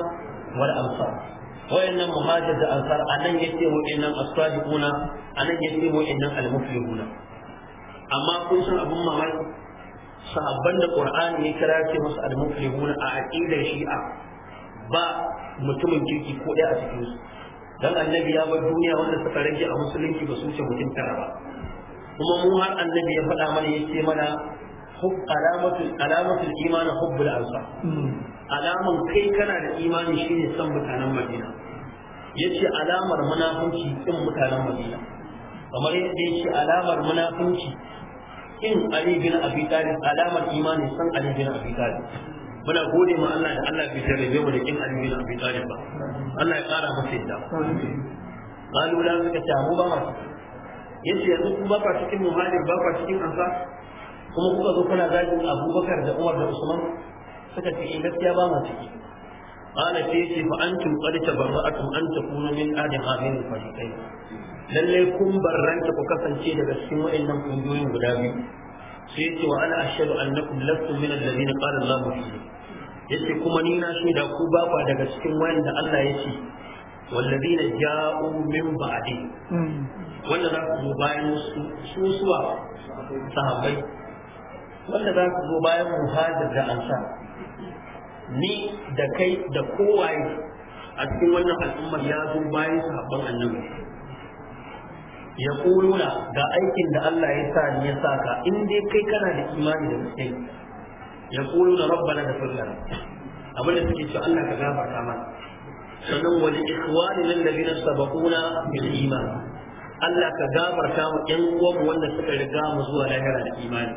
wal ansar wayannan muhajir da ansar anan yace wa'annan as-sadiquna anan yace wa'annan al-muflihuna amma kun san abun mamaki sahabban da qur'ani ya kira ce musu al-muflihuna a aqidar shi'a ba mutumin kirki ko daya a cikin su dan annabi ya bar duniya wanda suka rage a musulunci ba su ce mutum tara ba kuma mu har annabi ya faɗa mana ya ce mana alamatul alamatul imani hubbul ansa hmm. alaman kai kana da imani shine son mutanen madina yace alamar munafunci kin mutanen madina kamar yadda yace alamar munafunci kin ali bin abi talib alamar imani san ali bin abi talib muna gode ma Allah da Allah bai tarbe mu da kin alimi na abin talib ba Allah ya kara masa yadda qalu la suka ta mu ba yace yanzu ku ba cikin muhajir ba ka cikin ansar kuma kuka zo kuna zagin Abubakar da Umar da Usman suka ce in eh, gaskiya ba mu ciki qala sai yace fa antum qad tabarra'atum an takunu min adam hadhihi al-fariqayn lalle kun barranta ku kasance daga cikin wa'annan kungiyoyin guda biyu sai yace wa ana ashhadu annakum lastum min alladhina qala Allahu fihi yace kuma ni na shaida ku ba kwa daga cikin wanda Allah ya ce والذين جاءوا min بعدي hmm. wanda za ku zo bayan su suwa sahabbai wanda za ku zo bayan muhajir da ansar ni da kai da kowaye a cikin wannan al'ummar ya zo bayan sahabban annabi ya kuluna ga aikin da Allah ya sa ni ya saka in dai kai kana da imani da gaske yaquluna rabbana ighfir lana abinda suke cewa Allah ka gafarta mana sannan nan da alladhina sabaquna bil iman Allah ka gafarta mu ƴan uwanmu wanda suka riga mu zuwa lahira da imani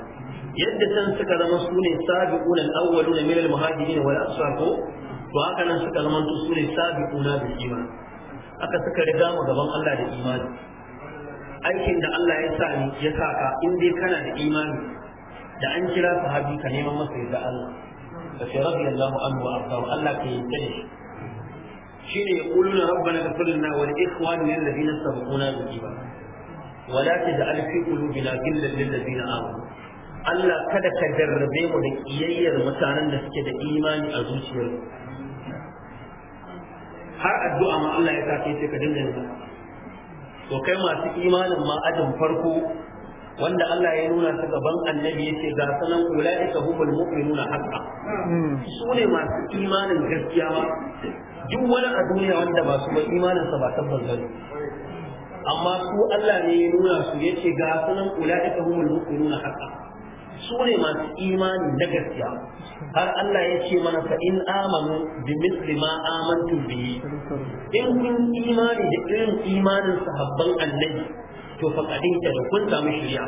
yadda san suka zama su ne sabiquna al-awwaluna min al-muhajirin wal ansar ko to haka nan suka zama su ne sabiquna bil iman aka suka riga mu gaban Allah da imani aikin da Allah ya sa ni ya saka in dai kana da imani da an kira sahabi ka neman masa yadda Allah da sai radiyallahu anhu wa arda Allah ke yi da shi shine yaquluna rabbana ghfir lana wa li ikhwanina alladhina sabaquna bil iman wa la taj'al fi qulubina ghillan lil ladina amanu Allah kada ka jarrabe mu da kiyayyar mutanen da suke da imani a zuciyar har addu'a ma Allah ya sa sai ka dinga yin to kai masu imanin ma ajin farko wanda Allah ya nuna ta gaban annabi yace ga sanan ulaika humul mu'minuna haqqan su ne masu imanin gaskiya ba duk wani a duniya wanda ba su ba imanin sa ba tabbas bane amma su Allah ne ya nuna su yace ga sanan ulaika humul mu'minuna haqqan su ne masu imani na gaskiya har Allah ya ce mana fa in amanu bi misli ma amantu bihi in kun imani da irin imanin sahabban annabi to faƙaɗin ta da kun samu shirya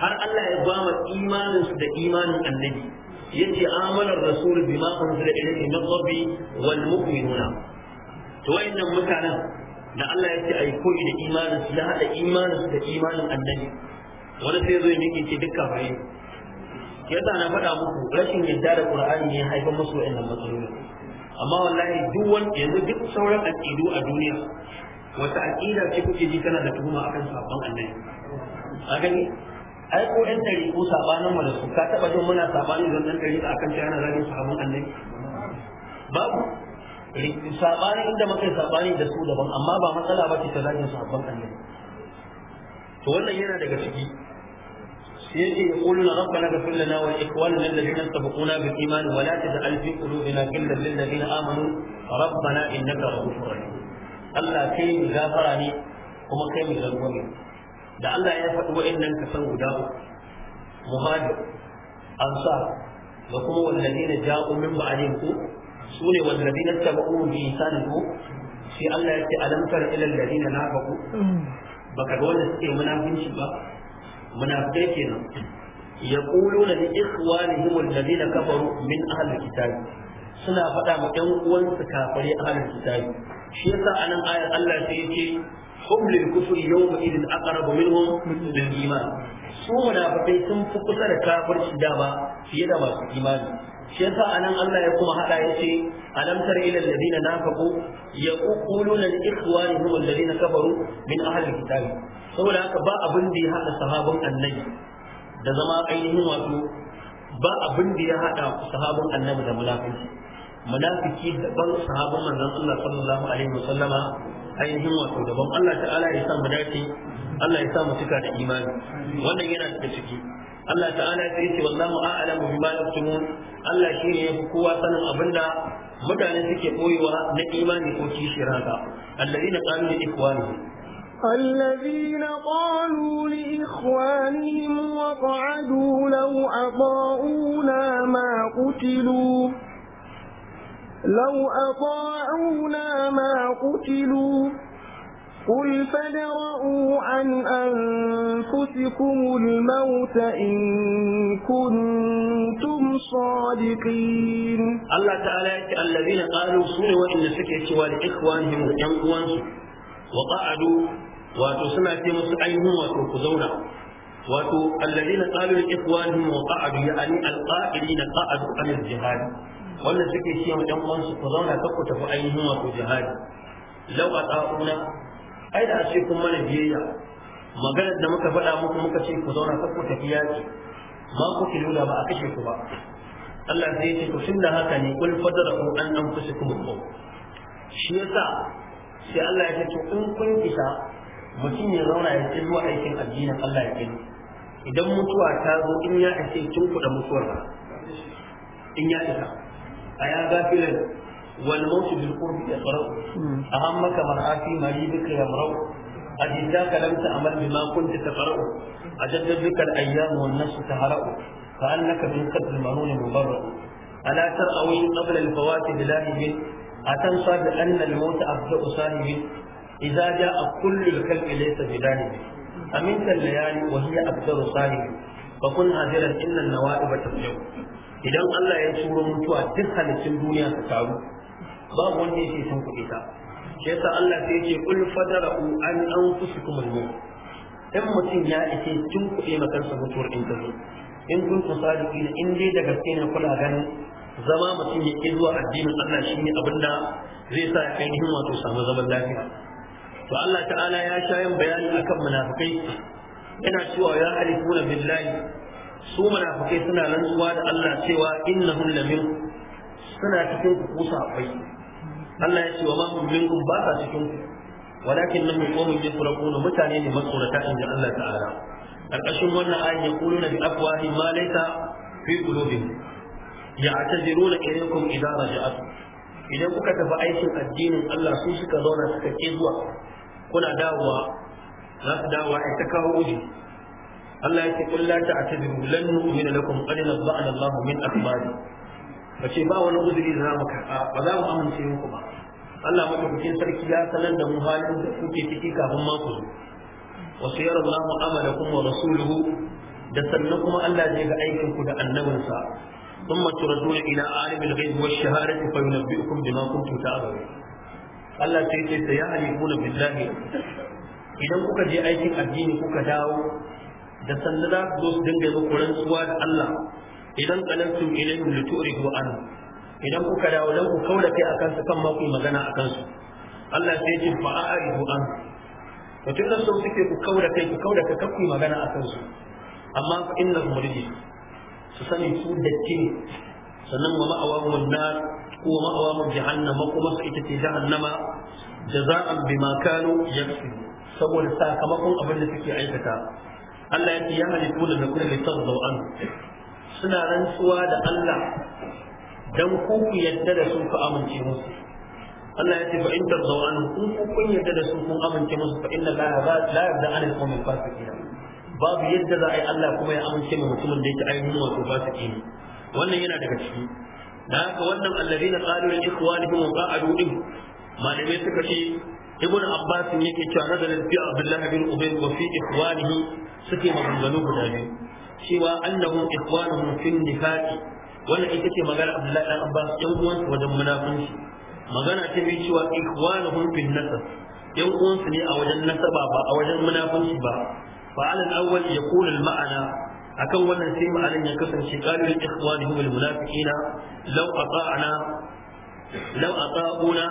har Allah ya ba mu imanin su da imanin annabi yace amalar rasul bima unzila ilayhi min rabbi wal mu'minuna to wayannan mutanen da Allah yace ai koyi da imanin su da hada imanin su da imanin annabi wani sai zo yake ce dukkan bai yasa na faɗa muku rashin yadda da Qur'ani ne haifar musu wayannan matsaloli amma wallahi duk wanda yanzu duk sauran aqidu a duniya wata aqida ce kuke ji tana da tuhuma akan sabon annabi a gani ai ko ɗan ɗari ko sabanin mu da su ka taɓa jin muna sabanin don ɗan ɗari akan cewa ana zagin sabon annabi babu sabani inda muka yi sabani da su daban amma ba matsala ba ce ta zagin sabon annabi to wannan yana daga ciki يجي يقولون ربنا اغفر لنا ولاخواننا الذين سبقونا بالايمان ولا تجعل في قلوبنا غلا للذين امنوا ربنا انك رؤوف رحيم Allah kai mu gafara ne kuma kai mu zargo ne da Allah ya faɗi wa'annan kasan guda muhajir ansar da kuma wallazina ja'u min ba'dihim ku sune wallazina tabu'u bi ihsanin ku sai Allah ya ce alam tar ila allazina nafaqu baka ga wanda suke munafinci ba munafikai kenan yaquluna li ikhwanihim allazina kafaru min ahli kitab suna faɗa ma ƴan uwansu kafirai ahli kitab shi yasa nan ayar Allah sai ya ce hum lil kufri yawma idin aqrabu minhum lil iman su munafikai sun fi kusa da kafirci dama fiye da masu imani shi yasa nan Allah ya kuma hada yace alam tar ila alladhina nafaqu yaquluna li ikhwanihim alladhina kafaru min ahli alkitab saboda haka ba abin da ya hada sahabban annabi da zama ainihin wato ba abin da ya hada sahabban annabi da munafiki munafiki daban sahabban manzon Allah sallallahu alaihi wasallama ainihin wato daban Allah ta'ala ya sa mu dace Allah ya sa mu cika da imani wannan yana da ciki Allah ta'ala ya ce wallahu a'lamu bima yaktumun Allah shi ne fi kowa sanin abinda mutane suke koyewa na imani ko kishiyar haka alladhina qalu li ikhwanihim الذين قالوا لإخوانهم وقعدوا لو أطاعونا ما قتلوا لو أطاعونا ما قتلوا قل فدرؤوا عن أنفسكم الموت إن كنتم صادقين الله تعالى الذين قالوا سنة وإن سكت والإخوانهم ينقوان وقعدوا وتسمع في مسعيهم وتركزونا وتو الذين قالوا لإخوانهم وقعدوا يعني القائلين قعدوا عن الجهاد wannan suke ce wa ɗan uwansu ku zauna kar ku tafi ainihin wato jihadi lau a tsa'una ai da a ce kun mana biyayya maganar da muka faɗa muku muka ce ku zauna kar ku tafi yaƙi ma ku ki lula ba a kashe ku ba Allah zai ce to tun da haka ne kul fadra'u an anfusikum al-maut shi yasa sai Allah ya ce to in kun isa mutum ya zauna ya ci zuwa aikin addinin Allah ya kai idan mutuwa ta zo in ya ake tun kuɗa mutuwar ba in ya isa a ya gafira wani mutu bilkur da tsarau a hamma kamar afi mari duka ya murau a jinta kalam ta amal bi ma kunta ta farau a jaddabikar ayyamu wannan su ta harau fa annaka bi qadr manun mubarra ala tar awi qabl al fawati bi lahi a tan sadi anna al mutu afda usahi idza jaa kullu al kalbi laysa bi lahi amin kal layali wa hiya afda usahi fa kun hadiran inna al nawaib tabjub idan Allah ya turo mutuwa duk halittun duniya su taru babu wanda yake sun kuɗi shi yasa Allah sai yake kul fadara'u an anfusukum al-maut in mutum ya ake tun kuɗe ma kansa mutuwar in ta zo in kun ku sadiki in dai da gaske ne kula ganin zama mutum ya ke zuwa addinin Allah shine da, zai sa ya ainihin wato samu zaman lafiya to Allah ta'ala ya sha yin bayani akan munafikai yana cewa ya halifuna billahi su munafikai suna rantsuwa da Allah cewa innahum lamin suna cikin ku kusa akwai. Allah ya ce wa ma hum minkum ba sa cikin ku walakin nan qawmun yafraquna mutane ne matsorata inda Allah ta'ala karkashin wannan ayin na bi afwahi ma laysa fi qulubihim atajiruna ilaykum idza raja'atum idan kuka tafi aikin addinin Allah su suka zauna suka ke zuwa kuna dawowa za su dawowa ai ta kawo uji Allah ya ce qul la ta'tadiru lan nu'mina lakum qad nabba'ana Allah min akhbari kace ba wani uzuri da mu karba ba za mu amince muku ba Allah cikin sarki ya sanar da mu halin da kuke ciki kafin ma ku zo wa sayara Allah amalakum wa rasuluhu da sannan kuma Allah zai ga aikin ku da annabinsa ثم تردون إلى عالم الغيب والشهادة فينبئكم بما كنتم تعملون Allah sai ce sai ya halikuna billahi idan kuka je aikin addini kuka dawo da sannu za su zo su dinga muku rantsuwa da Allah idan qalantum ilayhim lituridu an idan kuka dawo dan ku kaula kai akan su kan ma ku magana akan su Allah sai ya ce fa a'ridu an wato idan so suke ku kaula kai ku kaula kai kan ku magana akan su amma fa innahum rijis su sani su datti ne sannan wa ma'awahum nar ko ma'awahum jahannama kuma su ita ce jahannama jaza'an bima kanu yaksu saboda sakamakon abin da suke aikata Allah ya ce ya halittu da zakuna li tadhu an suna rantsuwa da Allah dan ku ku yadda da su ku amince musu Allah ya ce fa in tadhu an ku ku kun yadda da su kun amince musu fa inna la la yarda an al-qawmi fasiqin babu yadda za a yi Allah kuma ya amince mu mutumin da yake ainihin wato fasiki ne wannan yana daga ciki da haka wannan alladhina qalu li ikhwanihim wa qa'adu malamai suka ce ibn abbas yake cewa nazarin fi abdullahi bin ubay wa fi ikhwanihi suke maganganu guda biyu cewa annahum ikhwanuhum fi nifaqi wannan ita ce magana abdullahi dan abbas yan uwansu wajen munafunci magana ta biyu cewa ikhwanuhum fi nasab yan uwansu ne a wajen nasaba ba a wajen munafunci ba fa alal awwal yakunu al ma'ana akan wannan sai ma'anan ya kasance qalu lil ikhwani hum al munafiqina law ata'ana law ata'una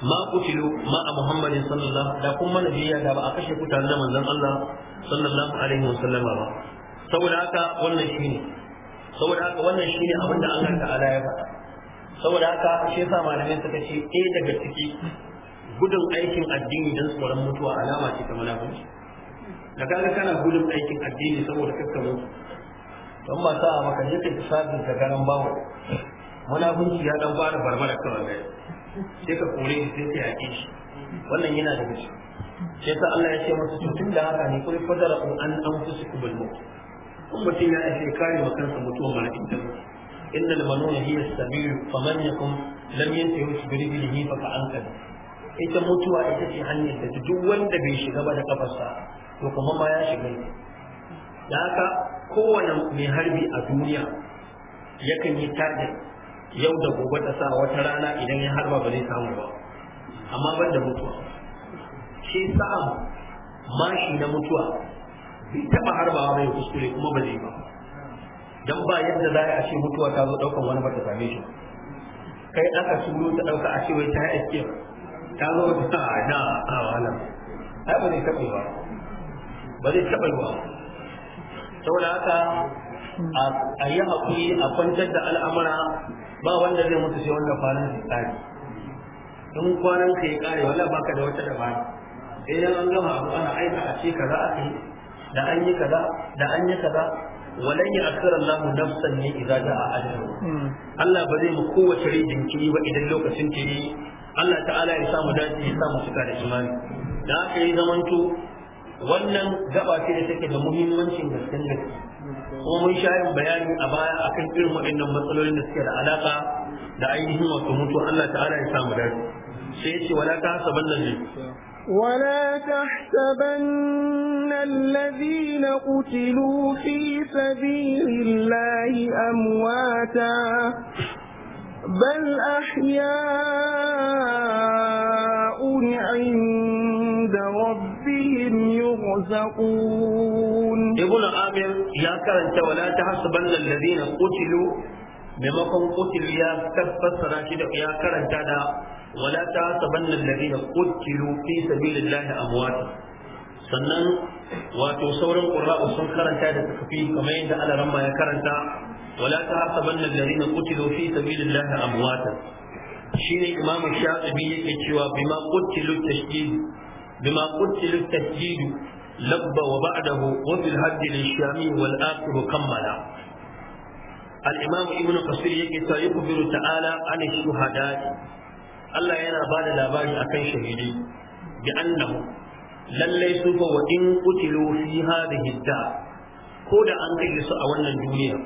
ma kutilu ma a muhammadin sallallahu da kuma nabiya da ba a kashe kutane da manzon Allah sallallahu alaihi wasallam ba saboda haka wannan shine saboda haka wannan shine abin da Allah ta'ala ya faɗa saboda haka shi yasa malamai suka ce eh daga ciki gudun aikin addini dan tsoron mutuwa alama ce ta munafiki da kaga kana gudun aikin addini saboda kakka mutu don ba sa maka yake ka tsabi ka garan bawo munafiki ya dan fara barbara kawai sai ka kore shi sai ka yaƙe shi wannan yana da ciki sai sa Allah ya ce masa to tun da haka ne kul fadara an an fusu al maut kun mutum ya ake kare wa kansa mutuwar malakin da inna al manun hiya sabil faman yakum lam yantahi bi rijlihi fa ka'ankan ita mutuwa ita ce hanyar da duk wanda bai shiga ba da kafarsa to kuma ma ya shiga ne da haka kowane mai harbi a duniya yakan yi target yau da gobe ta sa wata rana idan ya harba ba zai samu ba amma ban da mutuwa shi sa'a mashi na mutuwa bai taba harbawa mai kuskure kuma ba zai ba dan ba yadda za a ce mutuwa ta zo daukan wani bata same shi kai ka suru ta dauka a ce wai ta yi ta zo ta na a wannan ai ba zai taba ba ba zai taba ba saboda haka a yi haƙuri a kwantar da al'amura ba wanda zai mutu sai wanda kwanan ka tsari in kwanan ka ya kare wala ka da wata da sai idan an gama abu ana aika a ce kaza a yi da an yi kaza da an yi kaza walan ya akara Allah nafsan ne da a ajalu Allah ba zai mu kowace rai kiri ba idan lokacin kiri Allah ta'ala ya samu dace ya samu cika da imani da aka yi zamanto wannan gaba ce da take da muhimmancin gaske gaskiya kuma mun sha yin bayani a baya akan irin waɗannan matsalolin da suke da alaƙa da ainihin wato mutu Allah ta'ala ya samu dace sai ya ce wala ta hasaban nan ne ولا تحسبن الذين قتلوا في سبيل الله أمواتا بل أحياء عند ربهم يرزقون ابن عامر يا كرنت ولا تحسبن الذين قتلوا maimakon kutil ya fassara shi da ya karanta da wala ta sabanna alladhina qutilu fi sannan wato sauran qurra'u sun karanta da takfi kamar yadda alaramma ya karanta wala ta sabanna alladhina kutilo fi sabilillahi Shi ne imamu shafi'i yake cewa bima kutilo tashdid bima لب وبعده وفي الهد للشامي والآخر كملا الإمام ابن قصير يكتا يخبر تعالى عن الشهداء الله ينا بعد لاباري أكن شهيدي بأنه لن ليسوا وإن قتلوا في هذه الدار كودا أن تجلس أولا الدنيا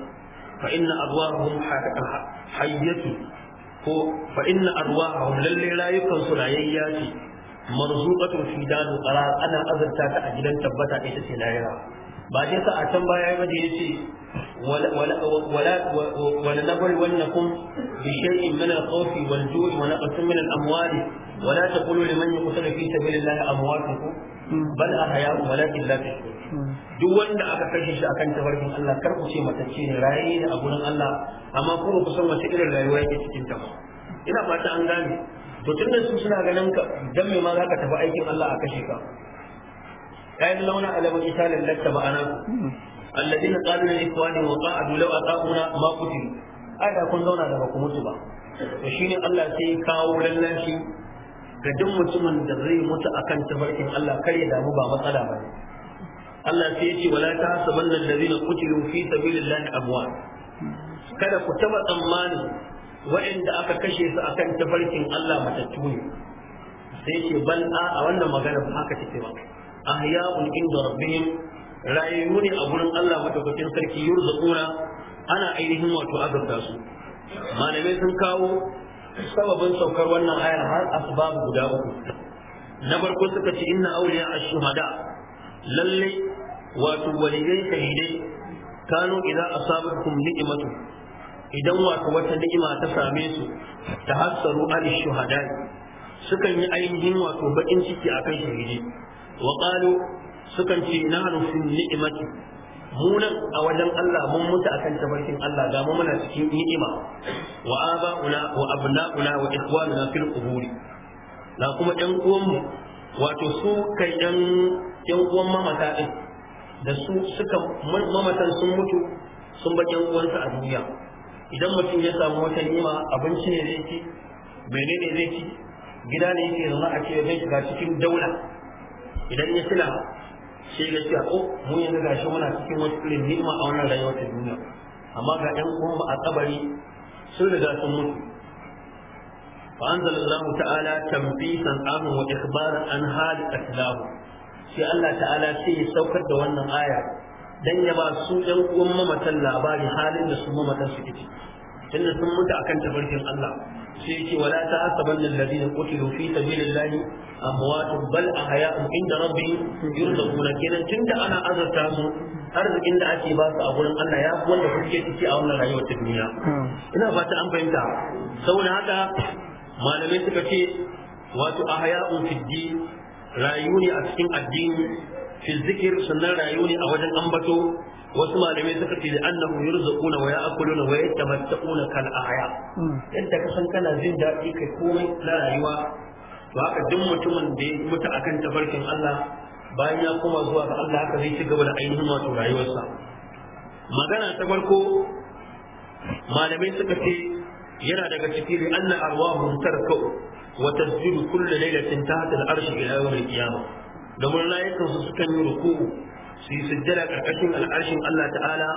فإن أرواحهم حية فإن أرواحهم للي لا يكن صنعياتي marzuqatun fi danu qarar ana azurta ta a gidan tabbata ita ce layira. ba dai sa a can baya ba da yace wala wala wala nabri wannakum bi shay'in min al-khawf wal-ju' wa naqsin min al-amwal ولا تقولوا لمن يقتل في سبيل الله امواتكم بل احياء ولكن لا تشكرون duk wanda aka kashe shi akan tabarkin Allah kar ku ce matacce ne raye ne a gurin Allah amma kuma ku san wace irin rayuwa yake cikin ta ina fata an gane to tunda su suna ganin ka dan me ma zaka tafi aikin Allah a kashe ka ayin launa alamun isa lallata ma'ana alladina qalu lil ikhwani wa qa'adu law ata'una ma qutilu ai da kun zauna da baku mutu ba to shine Allah sai ya kawo shi. ga duk mutumin da zai mutu akan tabarkin Allah kar ya damu ba matsala ba Allah sai ya ce wala tahsabanna alladhina qutilu fi sabilillahi amwat kada ku taba tsammani wa'inda aka kashe su akan tafarkin Allah matattu ne sai ce bal a wannan magana ba haka take ba ahya'un inda rabbihim rayuwa ne a gurin Allah madaukakin sarki yurzaquna ana ainihin wato azabta su malamai sun kawo sababin saukar wannan ayar har asbab guda uku na farko suka ce inna awliya ash-shuhada lalle wato waliyai shahidai kanu idza asabatkum ni'matu idan wato wata ni'ima ta same su ta hassaru al shuhada sukan yi ainihin wato bakin ciki akan shahidi wa qalu sukan ce nahnu fi ni'imati mu nan a wajen Allah mun mutu akan tabarkin Allah ga mu muna cikin ni'ima wa una wa una wa ikhwanuna fil quburi na kuma ɗan mu wato su kai ɗan ɗan uwan mamata ɗin da su suka mamatan sun mutu sun bar ɗan uwansa a duniya idan mutum ya samu wata ni'ima abinci ne zai ci menene zai ci gida ne yake zama a cikin zai shiga cikin daula idan ya tuna sai ya ce ko oh, mun yanzu gashi muna cikin wata irin ni'ima a wannan rayuwar ta duniya amma ga ɗan uwan a kabari sun riga sun mutu fa anzalallahu ta'ala tanbihan anhu wa ikhbaran an hali atlahu sai Allah ta'ala sai ya saukar da wannan aya dan ya ba su ɗan uwan mamatan labarin halin da su mamatan su ciki tunda sun mutu akan tabarkin Allah sai yake wala ta asaban alladhina qutilu fi sabilillahi amwatun bal a haya ahya'un inda rabbihim yurzaquna kenan tunda ana azarta su arzikin da ake ba su a gurin Allah ya fi wanda kuke ciki a wannan rayuwar ta duniya hmm. ina fata an fahimta saboda haka malamai suka ce wato a ahya'un fiddi rayu ne a cikin addini fi zikir sannan rayu ne a wajen ambato wasu malamai suka ce da annahu yurzaquna wa ya'kuluna wa yatamatta'una kal aya. yadda ka san kana jin daɗi kai komai na rayuwa to haka duk mutumin da ya mutu akan tabarkin Allah bayan ya koma zuwa ga Allah haka zai ci gaba da ainihin wato rayuwarsa magana ta farko malamai suka ce yana daga cikin anna arwahum tarkau wa tasjudu kullu lailatin tahta al-arshi ila yawm al-qiyamah domin rayukan su sukan yi ruku su yi sujjada karkashin al'arshin Allah ta'ala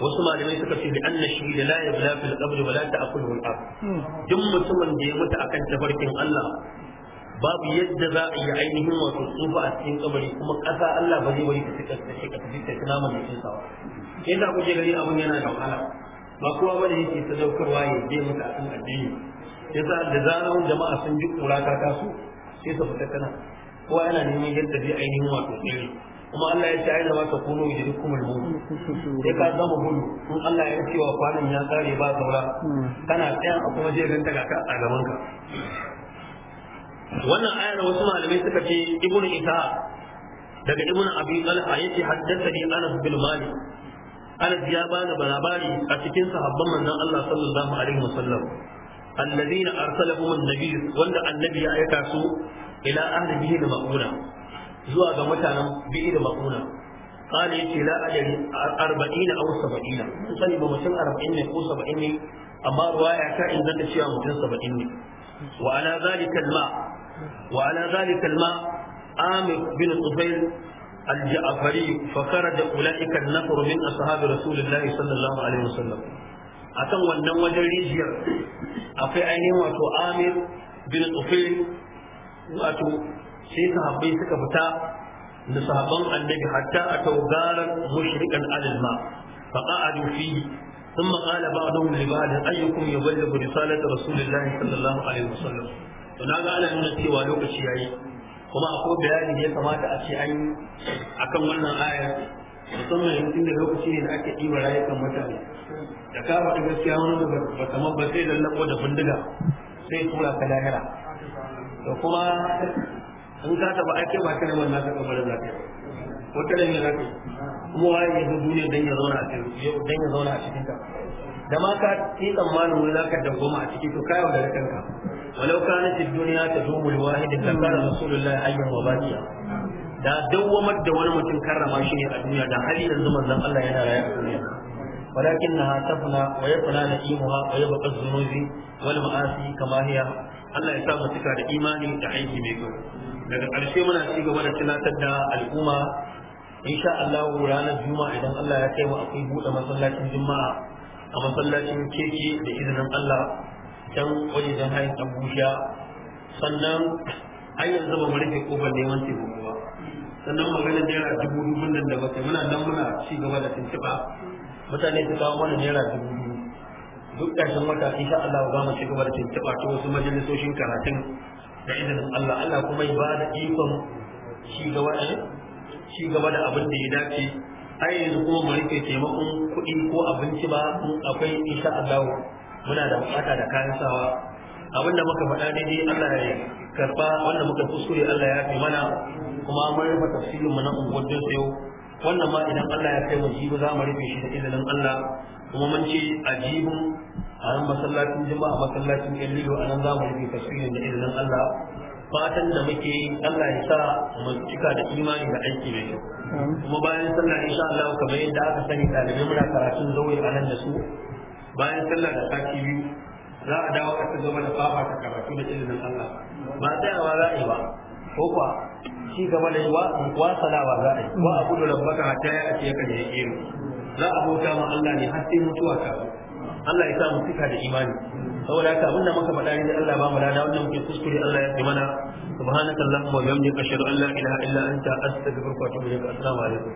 wasu malamai suka ce da anna shi da la yabla fil qabr wa la ta'kulu al ard duk mutumin da ya mutu akan tabarkin Allah babu yadda za a yi ainihin wato tsufa a cikin kabari kuma ƙasa Allah ba zai bari ka tsika shi ka tsike ta naman jikin sa yadda ku je gari abun yana da wahala ba kowa bane yake sadaukarwa ya je mutu akan addini yasa da zaran jama'a sun ji kura ta taso sai su fita kana kowa yana neman yadda zai ainihin wato tsere kuma Allah ya ce aina ma ta kuno da dukkan al'umma sai ka zama gudu in Allah ya ce wa kwanan ya tsare ba saura kana tsaya a kuma jerin ta ka a gaban ka wannan ayar wasu malamai suka ce ibnu isa daga ibn abi talha yace haddathani anas bin malik anas ya bani labari a cikin sahabban manzon Allah sallallahu alaihi wasallam alladhina arsalahum an-nabiy wanda annabi ya aika su ila ahli bihi da maquna zuwa ga mutanen bihi da maquna qala yace la adri 40 aw 70 mun sani ba mutum 40 ne ko 70 ne amma ruwaya ta inganta cewa mutum 70 ne wa ala الجعفري فخرج اولئك النفر من اصحاب رسول الله صلى الله عليه وسلم wannan wajen rijiyar akwai ainihin wato amir bin wato sai sahabbai suka fita da sahabban annabi hatta a taugaran mushrikan alilma faqa'adu fihi ثم قال ya لبعض ايكم يبلغ رساله رسول الله صلى الله عليه وسلم فناغا ana nuna cewa lokaci yi, kuma akwai bayani da ya kamata a ce an akan wannan aya musamman yanzu da lokaci ne da ake ɗiba rayukan mutane da ka da gaskiya wani ba kamar ba sai lallabo da bindiga sai tura ka lahira to kuma in ka taba ake ba ta neman naka kabarin za ka wata ta ne za ka kuma waye ya zo duniya dan ya zauna a cikin dan ya zauna a cikin ka da ma ka yi tsammanin wani za ka dangoma a ciki to kayan da kanka walau kanat ad-dunya tadumu al-wahid da kana rasulullahi ayyan wa baqiya da dawwamar da wani mutum karrama shi ne a duniya da hali yanzu manzon Allah yana rayuwa a duniya ولكنها تفنى ويفنى نعيمها ويبقى الذنوب والمعاصي كما هي Allah ya sa mu cika da imani da aiki mai kyau daga ƙarshe muna ci gaba da tunatar da al'umma insha Allah ranar juma'a idan Allah ya kai mu akwai buɗe masallacin juma'a a masallacin keke da izinin Allah can wajen hayin Abuja sannan har yanzu ba mu rufe kofar neman taimako ba sannan maganar naira dubu dubu nan da bakwai muna nan muna ci gaba da tuntuɓa mutane su kawo mana naira dubu duk ƙarshen wata insha Allah za mu ci gaba da tuntuɓa ta wasu majalisoshin karatun da izinin Allah Allah kuma ya ba da ikon shi gaba da eh, shi gaba da abin da ya dace ai yanzu kuma mu rike taimakon kuɗi ko abinci ba mun akwai insha Allah muna da bukata da kayan sawa abin da muka faɗa daidai Allah ya karba wanda muka kuskure Allah ya fi mana kuma mun rufe tafsirin mu na unguwar yau wannan ma idan Allah ya kai mu jibi za mu rufe shi da izinin Allah kuma mun ce ajibin a masallacin jama'a masallacin yan lilo a nan zamu yi tafsirin da izinin Allah fatan da muke Allah ya sa mu cika da imani da aiki mai kyau kuma bayan sallah insha Allah kamar yadda aka sani ɗalibai muna karatun zawai a nan da su bayan sallah da sati biyu za a dawo a cigaba da ta karatu da izinin Allah ba tsayawa za a yi ba ko kuwa shi gaba da yi salawa za a yi wa a gudu lambaka a taya a ce yake yi za a bauta ma Allah ne har sai mutuwa kafin Allah ya sa mu cika da imani saboda haka abinda muka faɗa ne Allah ba mu lada wannan muke kuskure Allah ya yi mana subhanaka allahumma wa bihamdika ashhadu an la ilaha illa anta astaghfiruka wa atubu ilaik assalamu alaikum